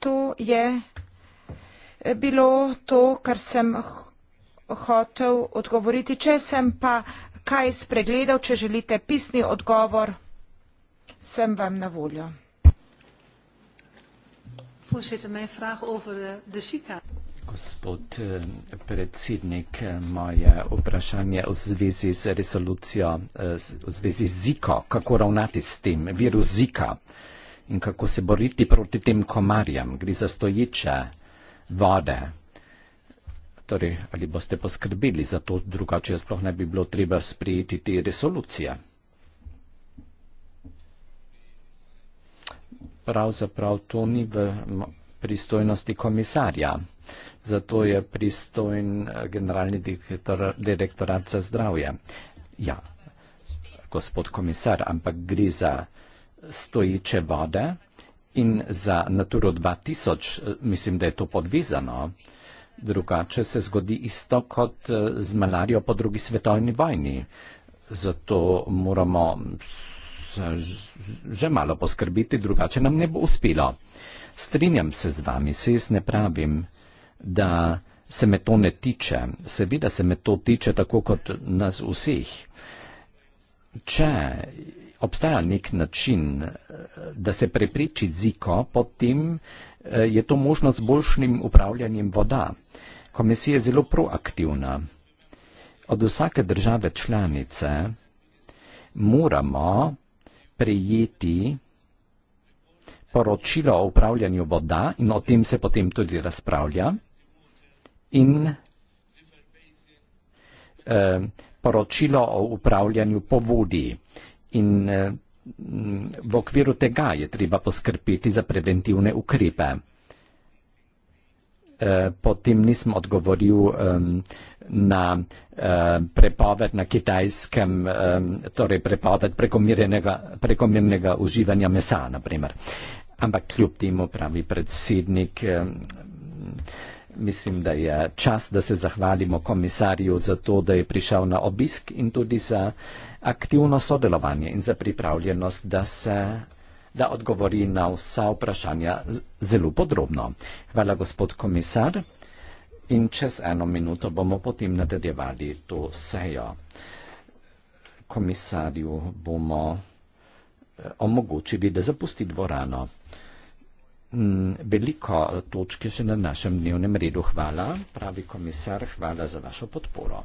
[SPEAKER 2] To je bilo to, kar sem hotel odgovoriti. Če sem pa kaj spregledal, če želite pisni odgovor, sem vam na voljo.
[SPEAKER 3] Voorzitter, mijn vraag over de, eh, de ziekenhuis
[SPEAKER 1] gospod eh, predsednik, eh, moje vprašanje v zvezi z resolucijo, eh, v zvezi z ziko, kako ravnati s tem virus zika in kako se boriti proti tem komarjem, gre za stojiče vode. Torej, ali boste poskrbeli za to, drugače sploh ne bi bilo treba sprejeti te resolucije. Pravzaprav to ni v pristojnosti komisarja zato je pristojen eh, generalni direktor, direktorat za zdravje. Ja, gospod komisar, ampak gre za stojiče vode in za Naturo 2000, eh, mislim, da je to podvezano. Drugače se zgodi isto kot eh, z malarijo po drugi svetovni vojni. Zato moramo že malo poskrbiti, drugače nam ne bo uspelo. Strinjam se z vami, se jaz ne pravim da se me to ne tiče. Seveda se me to tiče tako kot nas vseh. Če obstaja nek način, eh, da se prepriči ziko, potem eh, je to možno z boljšnim upravljanjem voda. Komisija je zelo proaktivna. Od vsake države članice moramo prejeti poročilo o upravljanju voda in o tem se potem tudi razpravlja in eh, poročilo o upravljanju po vodi. In eh, v okviru tega je treba poskrpiti za preventivne ukrepe. Eh, potem nisem odgovoril na prepoved na kitajskem, torej prepoved prekomernega uživanja mesa, naprimer. Ampak kljub temu pravi predsednik, mislim, da je čas, da se zahvalimo komisarju za to, da je prišel na obisk in tudi za aktivno sodelovanje in za pripravljenost, da se da odgovori na vsa vprašanja zelo podrobno. Hvala, gospod komisar. In čez eno minuto bomo potem nadaljevali to sejo. Komisarju bomo eh, omogočili, da zapusti dvorano. Mm, veliko točke še na našem dnevnem redu. Hvala, pravi komisar, hvala za vašo podporo.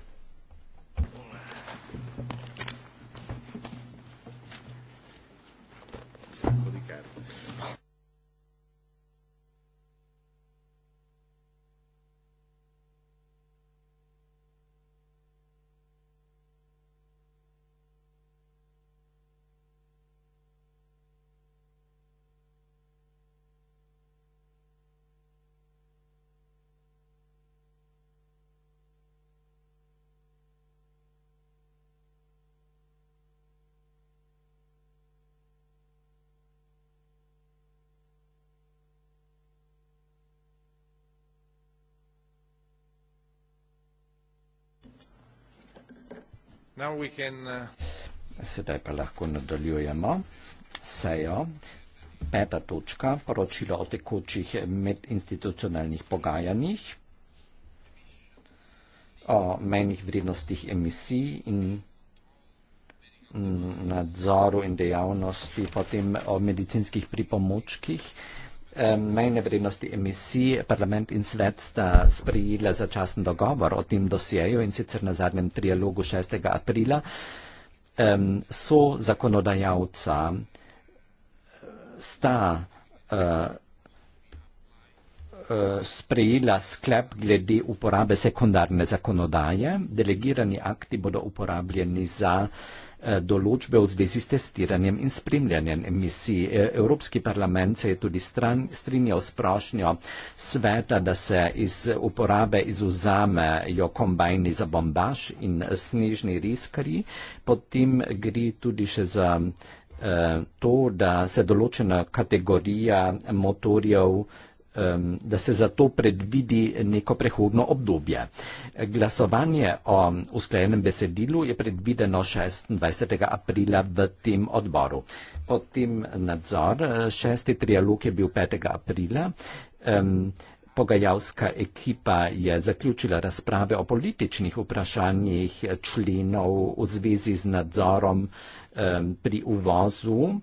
[SPEAKER 1] Uh, Sedaj pa lahko nadaljujemo sejo. Peta točka, poročilo o tekočih medinstitucionalnih pogajanjih, o menjih vrednostih emisij in nadzoru in dejavnosti, potem o medicinskih pripomočkih mejne vrednosti emisij, parlament in svet sta sprejela začasen dogovor o tem dosjeju in sicer na zadnjem trialogu 6. aprila. Um, so zakonodajalca, sta uh, uh, sprejela sklep glede uporabe sekundarne zakonodaje, delegirani akti bodo uporabljeni za uh, Eh, določbe v zvezi s testiranjem in spremljanjem emisij. E, Evropski parlament se je tudi stran, strinjal s prošnjo sveta, da se iz uporabe izuzamejo kombajni za bombaž in snežni riskari. Potem gre tudi še za eh, to, da se določena kategorija motorjev eh, da se za to predvidi neko prehodno obdobje. Glasovanje o usklajenem besedilu je predvideno 26. aprila v tem odboru. Potem nadzor, eh, šesti trialog je bil 5. aprila. Pogajalska ekipa je zaključila razprave o političnih vprašanjih členov v zvezi z nadzorom pri uvozu.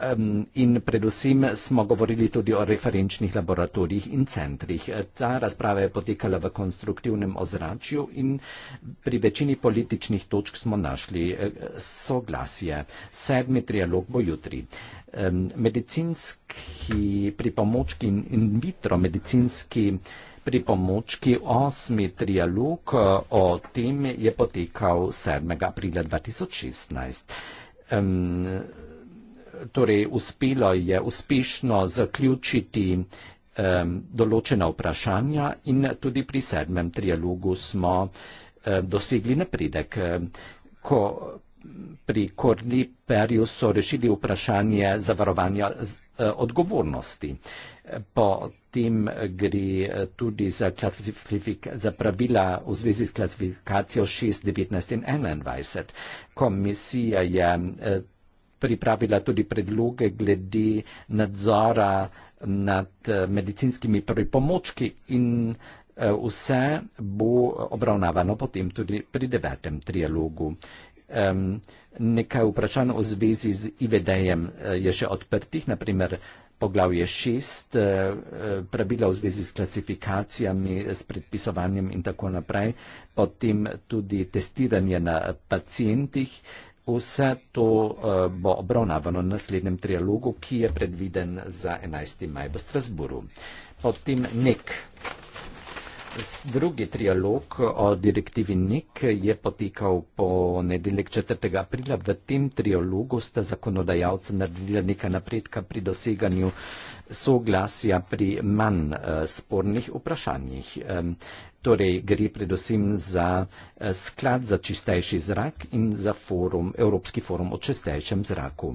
[SPEAKER 1] Um, in predvsem smo govorili tudi o referenčnih laboratorijih in centrih. E, ta razprava je potekala v konstruktivnem ozračju in pri večini političnih točk smo našli e, soglasje. Sedmi trialog bo jutri. Um, medicinski pripomočki in in vitro medicinski pripomočki osmi trialog e, o tem je potekal 7. aprila 2016. Um, torej uspelo je uspešno zaključiti um, določena vprašanja in tudi pri sedmem trialogu smo um, dosegli napredek. Ko pri Korni Perju so rešili vprašanje zavarovanja z, uh, odgovornosti. Potem gre e, tudi za, za pravila v zvezi s klasifikacijo 6, 19 in 21. Komisija je uh, pripravila tudi predloge glede nadzora nad eh, medicinskimi pripomočki in eh, vse bo obravnavano potem tudi pri devetem trialogu. Um, nekaj vprašanj o zvezi z IVD-jem eh, je še odprtih, naprimer poglavje šest, pravila v zvezi s klasifikacijami, s predpisovanjem in tako naprej, potem tudi testiranje na pacijentih. Vse to eh, bo obravnavano na naslednjem trialogu, ki je predviden za 11. maj v Strasburu. Potem nek. Drugi trialog o direktivi NIK je potekal po nedeljek 4. aprila. V tem trialogu sta zakonodajalca naredila nekaj napredka pri doseganju soglasja pri manj eh, spornih vprašanjih. Torej gre predvsem za eh, sklad za čistejši zrak in za forum, Evropski forum o čistejšem zraku.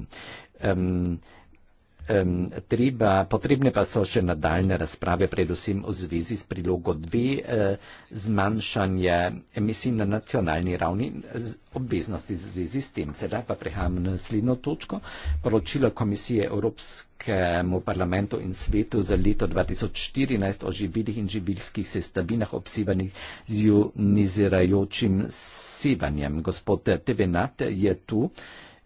[SPEAKER 1] Treba, potrebne pa so še nadaljne razprave, predvsem v zvezi s prilogo 2, eh, zmanjšanje emisij na nacionalni ravni, obveznosti v zvezi s tem. Sedaj pa prehajam na naslednjo točko. Poročilo Komisije Evropskemu parlamentu in svetu za leto 2014 o živilih in živilskih sestavinah obsevanih z ionizirajočim sevanjem. Gospod Tevenat je tu.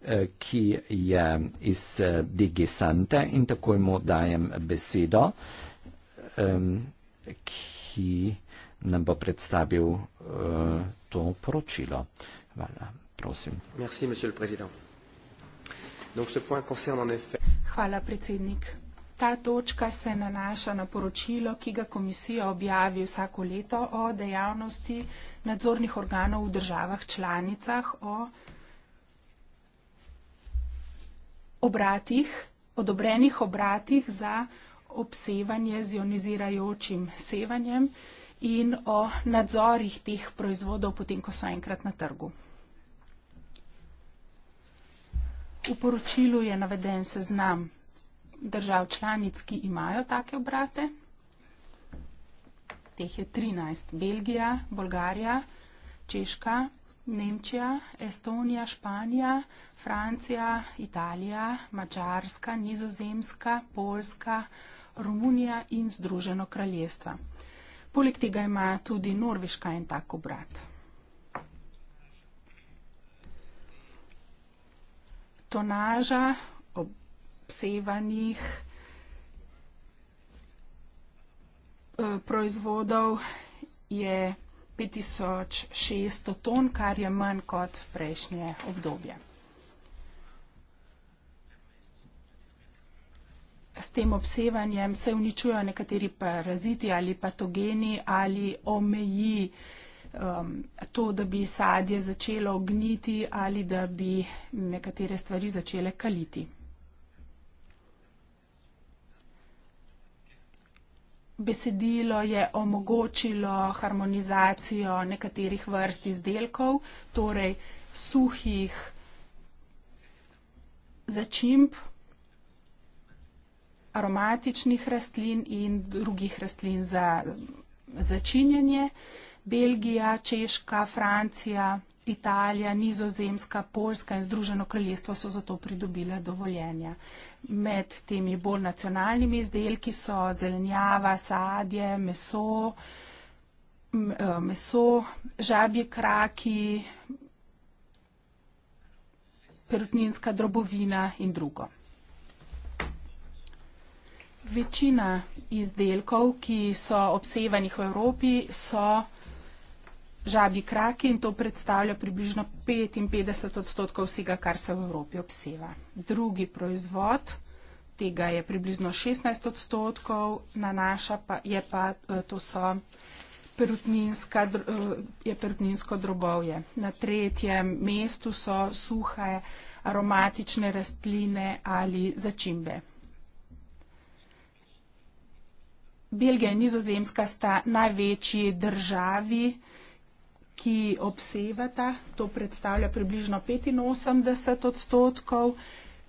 [SPEAKER 1] Eh, ki je iz eh, Digisante in takoj mu dajem besedo, ki nam bo predstavil eh, to poročilo. Hvala, prosim. Merci, monsieur le président. Donc ce point concerne en effet...
[SPEAKER 3] Hvala, predsednik. Ta točka se nanaša na poročilo, ki ga komisija objavi vsako leto o dejavnosti nadzornih organov v državah članicah o obratih, odobrenih obratih za obsevanje z ionizirajočim sevanjem in o nadzorih teh proizvodov, potem ko so enkrat na trgu. V poročilu je naveden seznam držav članic, ki imajo take obrate. Teh je 13. Belgija, Bolgarija, Češka, Nemčija, Estonija, Španija, Francija, Italija, Mačarska, Nizozemska, Poljska, Romunija in Združeno kraljestvo. Poleg tega ima tudi Norveška en tak obrat. Tonaža obsevanih eh, proizvodov je 5600 ton, kar je manj kot prejšnje obdobje. S tem obsevanjem se uničujo nekateri paraziti ali patogeni ali omeji um, to, da bi sadje začelo gniti ali da bi nekatere stvari začele kaliti. besedilo je omogočilo harmonizacijo nekaterih vrst izdelkov, torej suhih začimb, aromatičnih rastlin in drugih rastlin za začinjanje. Belgija, Češka, Francija, Italija, Nizozemska, Poljska in Združeno kraljestvo so zato pridobile dovoljenja. Med temi bolj nacionalnimi izdelki so zelenjava, sadje, meso, e, meso, žabji kraki, perutninska drobovina in drugo. Večina izdelkov, ki so obsevanih v Evropi, so izdelkov, žabji kraki in to predstavlja približno 55 odstotkov vsega, kar se v Evropi obseva. Drugi proizvod, tega je približno 16 odstotkov, nanaša pa je pa, e, to so perutninska, e, je perutninsko drobovje. Na tretjem mestu so suhe aromatične rastline ali začimbe. Belgija in nizozemska sta največji državi, ki obsevata, to predstavlja približno 85 odstotkov,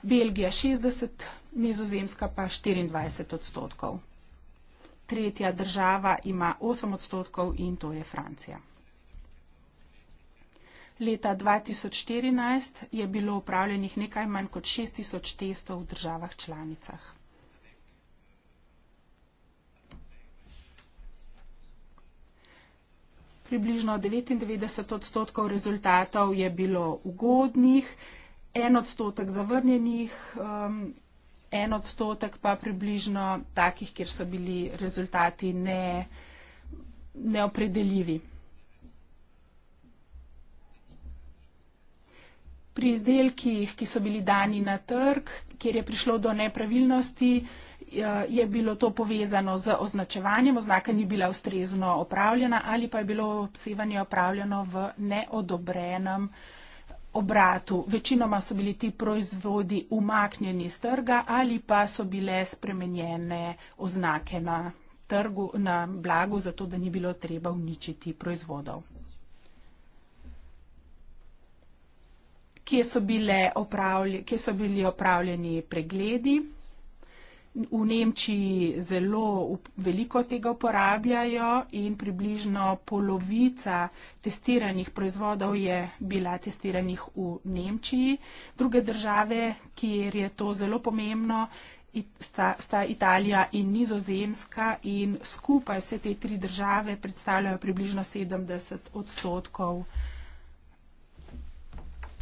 [SPEAKER 3] Belgija 60, nizozemska pa 24 odstotkov. Tretja država ima 8 odstotkov in to je Francija. Leta 2014 je bilo upravljenih nekaj manj kot 6000 testov v državah članicah. približno 99 odstotkov rezultatov je bilo ugodnih, en odstotek zavrnjenih, um, en odstotek pa približno takih, kjer so bili rezultati ne, neopredeljivi. pri izdelkih, ki so bili dani na trg, kjer je prišlo do nepravilnosti, eh, je bilo to povezano z označevanjem, oznaka ni bila ustrezno opravljena ali pa je bilo obsevanje opravljeno v neodobrenem obratu. Večinoma so bili ti proizvodi umaknjeni z trga ali pa so bile spremenjene oznake na trgu, na blagu, zato da ni bilo treba uničiti proizvodov. kje so, bile opravlje, kje so bili opravljeni pregledi. V Nemčiji zelo veliko tega uporabljajo in približno polovica testiranih proizvodov je bila testiranih v Nemčiji. Druge države, kjer je to zelo pomembno, sta, sta Italija in Nizozemska in skupaj vse te tri države predstavljajo približno 70 odstotkov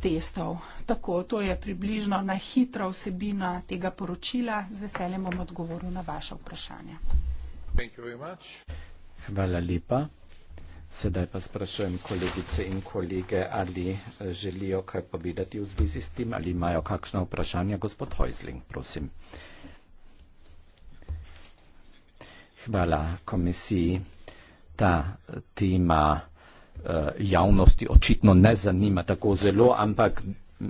[SPEAKER 3] testov. Tako, to je približno najhitra vsebina tega poročila. Z veseljem bom odgovoril na vaše vprašanje.
[SPEAKER 1] Hvala lepa. Sedaj pa sprašujem kolegice in kolege, ali eh, želijo kaj povedati v zvezi s tem, ali imajo kakšno vprašanje. Gospod Hojzling, prosim. Hvala komisiji. Ta eh, tema. Eh, javnosti očitno ne zanima tako zelo, ampak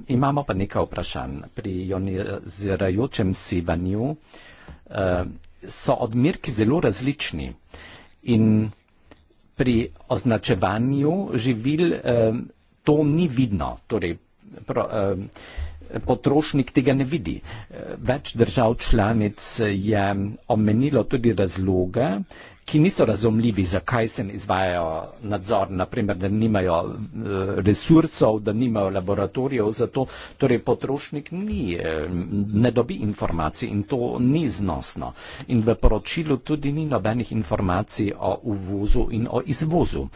[SPEAKER 1] imamo pa nekaj vprašanj. Pri ionizirajočem sivanju uh, eh, so odmerki zelo različni in pri označevanju živil uh, to ni vidno. Torej, pro, uh, potrošnik tega ne vidi. Več držav članic je omenilo tudi razloge, ki niso razumljivi, zakaj se ne izvajajo nadzor, naprimer, da nimajo eh, resursov, da nimajo laboratorijev, zato torej potrošnik ni, eh, ne dobi informacij in to ni znosno. In v poročilu tudi ni nobenih informacij o uvozu in o izvozu.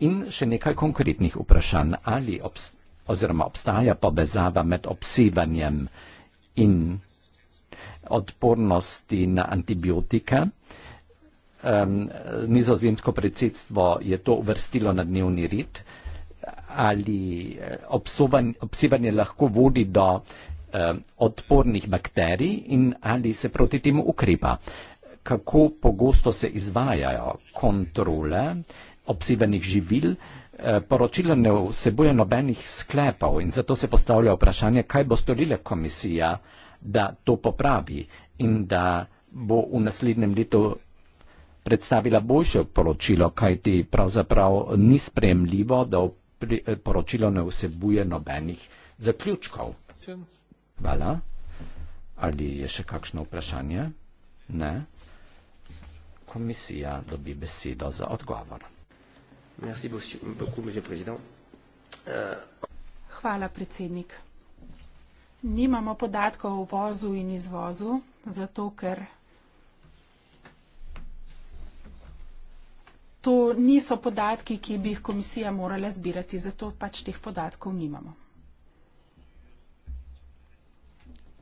[SPEAKER 1] In še nekaj konkretnih vprašanj, ali obstaja oziroma obstaja povezava med obsevanjem in odpornosti na antibiotika. Um, nizozemsko predsedstvo je to uvrstilo na dnevni red, ali eh, obsevanje lahko vodi do um, odpornih bakterij in ali se proti temu ukrepa. Kako pogosto se izvajajo kontrole obsevanih živil, Eh, poročilo ne vsebuje nobenih sklepov in zato se postavlja vprašanje, kaj bo storila komisija, da to popravi in da bo v naslednjem letu predstavila boljše poročilo, kajti pravzaprav ni spremljivo, da eh, poročilo ne vsebuje nobenih zaključkov. Hvala. Ali je še kakšno vprašanje? Ne. Komisija dobi besedo za odgovor. Merci beaucoup, monsieur le président. Euh,
[SPEAKER 3] Hvala, predsednik. Nimamo podatkov o vozu in izvozu, zato ker to niso podatki, ki bi jih komisija morala zbirati, zato pač teh podatkov nimamo.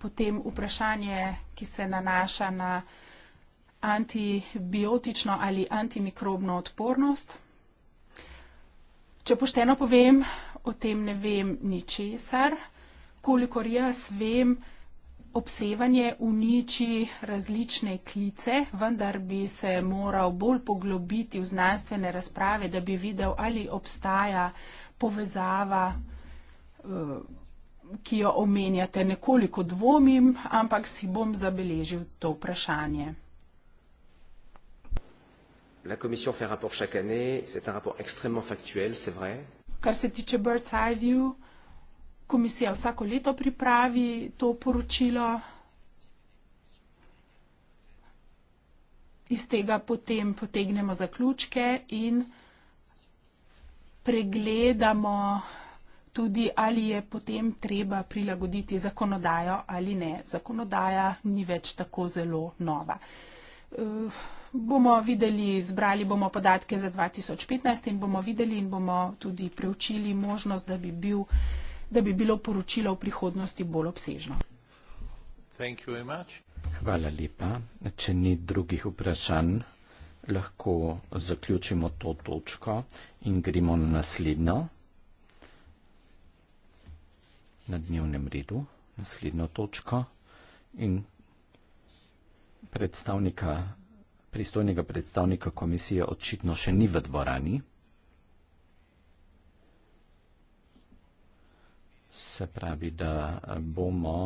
[SPEAKER 3] Potem vprašanje, ki se nanaša na antibiotično ali antimikrobno odpornost. Če pošteno povem, o tem ne vem ničesar. Kolikor jaz vem, obsevanje uniči različne klice, vendar bi se moral bolj poglobiti v znanstvene razprave, da bi videl, ali obstaja povezava, eh, ki jo omenjate. Nekoliko dvomim, ampak si bom zabeležil to vprašanje.
[SPEAKER 1] La Commission fait un rapport chaque année. C'est un rapport extrêmement factuel, c'est vrai.
[SPEAKER 3] Kar se tiče Bird's Eye View, komisija vsako leto pripravi to poročilo. Iz tega potem potegnemo zaključke in pregledamo tudi, ali je potem treba prilagoditi zakonodajo ali ne. Zakonodaja ni več tako zelo nova. Uh, bomo videli, zbrali bomo podatke za 2015 in bomo videli in bomo tudi preučili možnost, da bi, bil, da bi bilo poročilo v prihodnosti bolj obsežno.
[SPEAKER 1] Hvala lepa. Če ni drugih vprašanj, lahko zaključimo to točko in gremo na naslednjo. Na dnevnem redu naslednjo točko in predstavnika pristojnega predstavnika komisije očitno še ni v dvorani. Se pravi, da bomo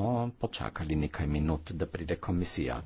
[SPEAKER 1] počakali nekaj minut, da pride komisija.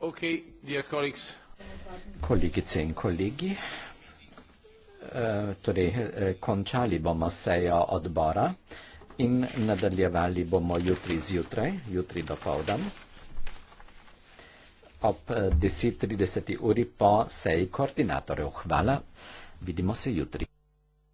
[SPEAKER 2] Okay, dear colleagues.
[SPEAKER 1] Kolegice in kolegi, eh, torej eh, končali bomo sejo odbora in nadaljevali bomo jutri zjutraj, jutri do povdan, ob 10.30 eh, uri po seji koordinatorjev. Hvala, vidimo se jutri.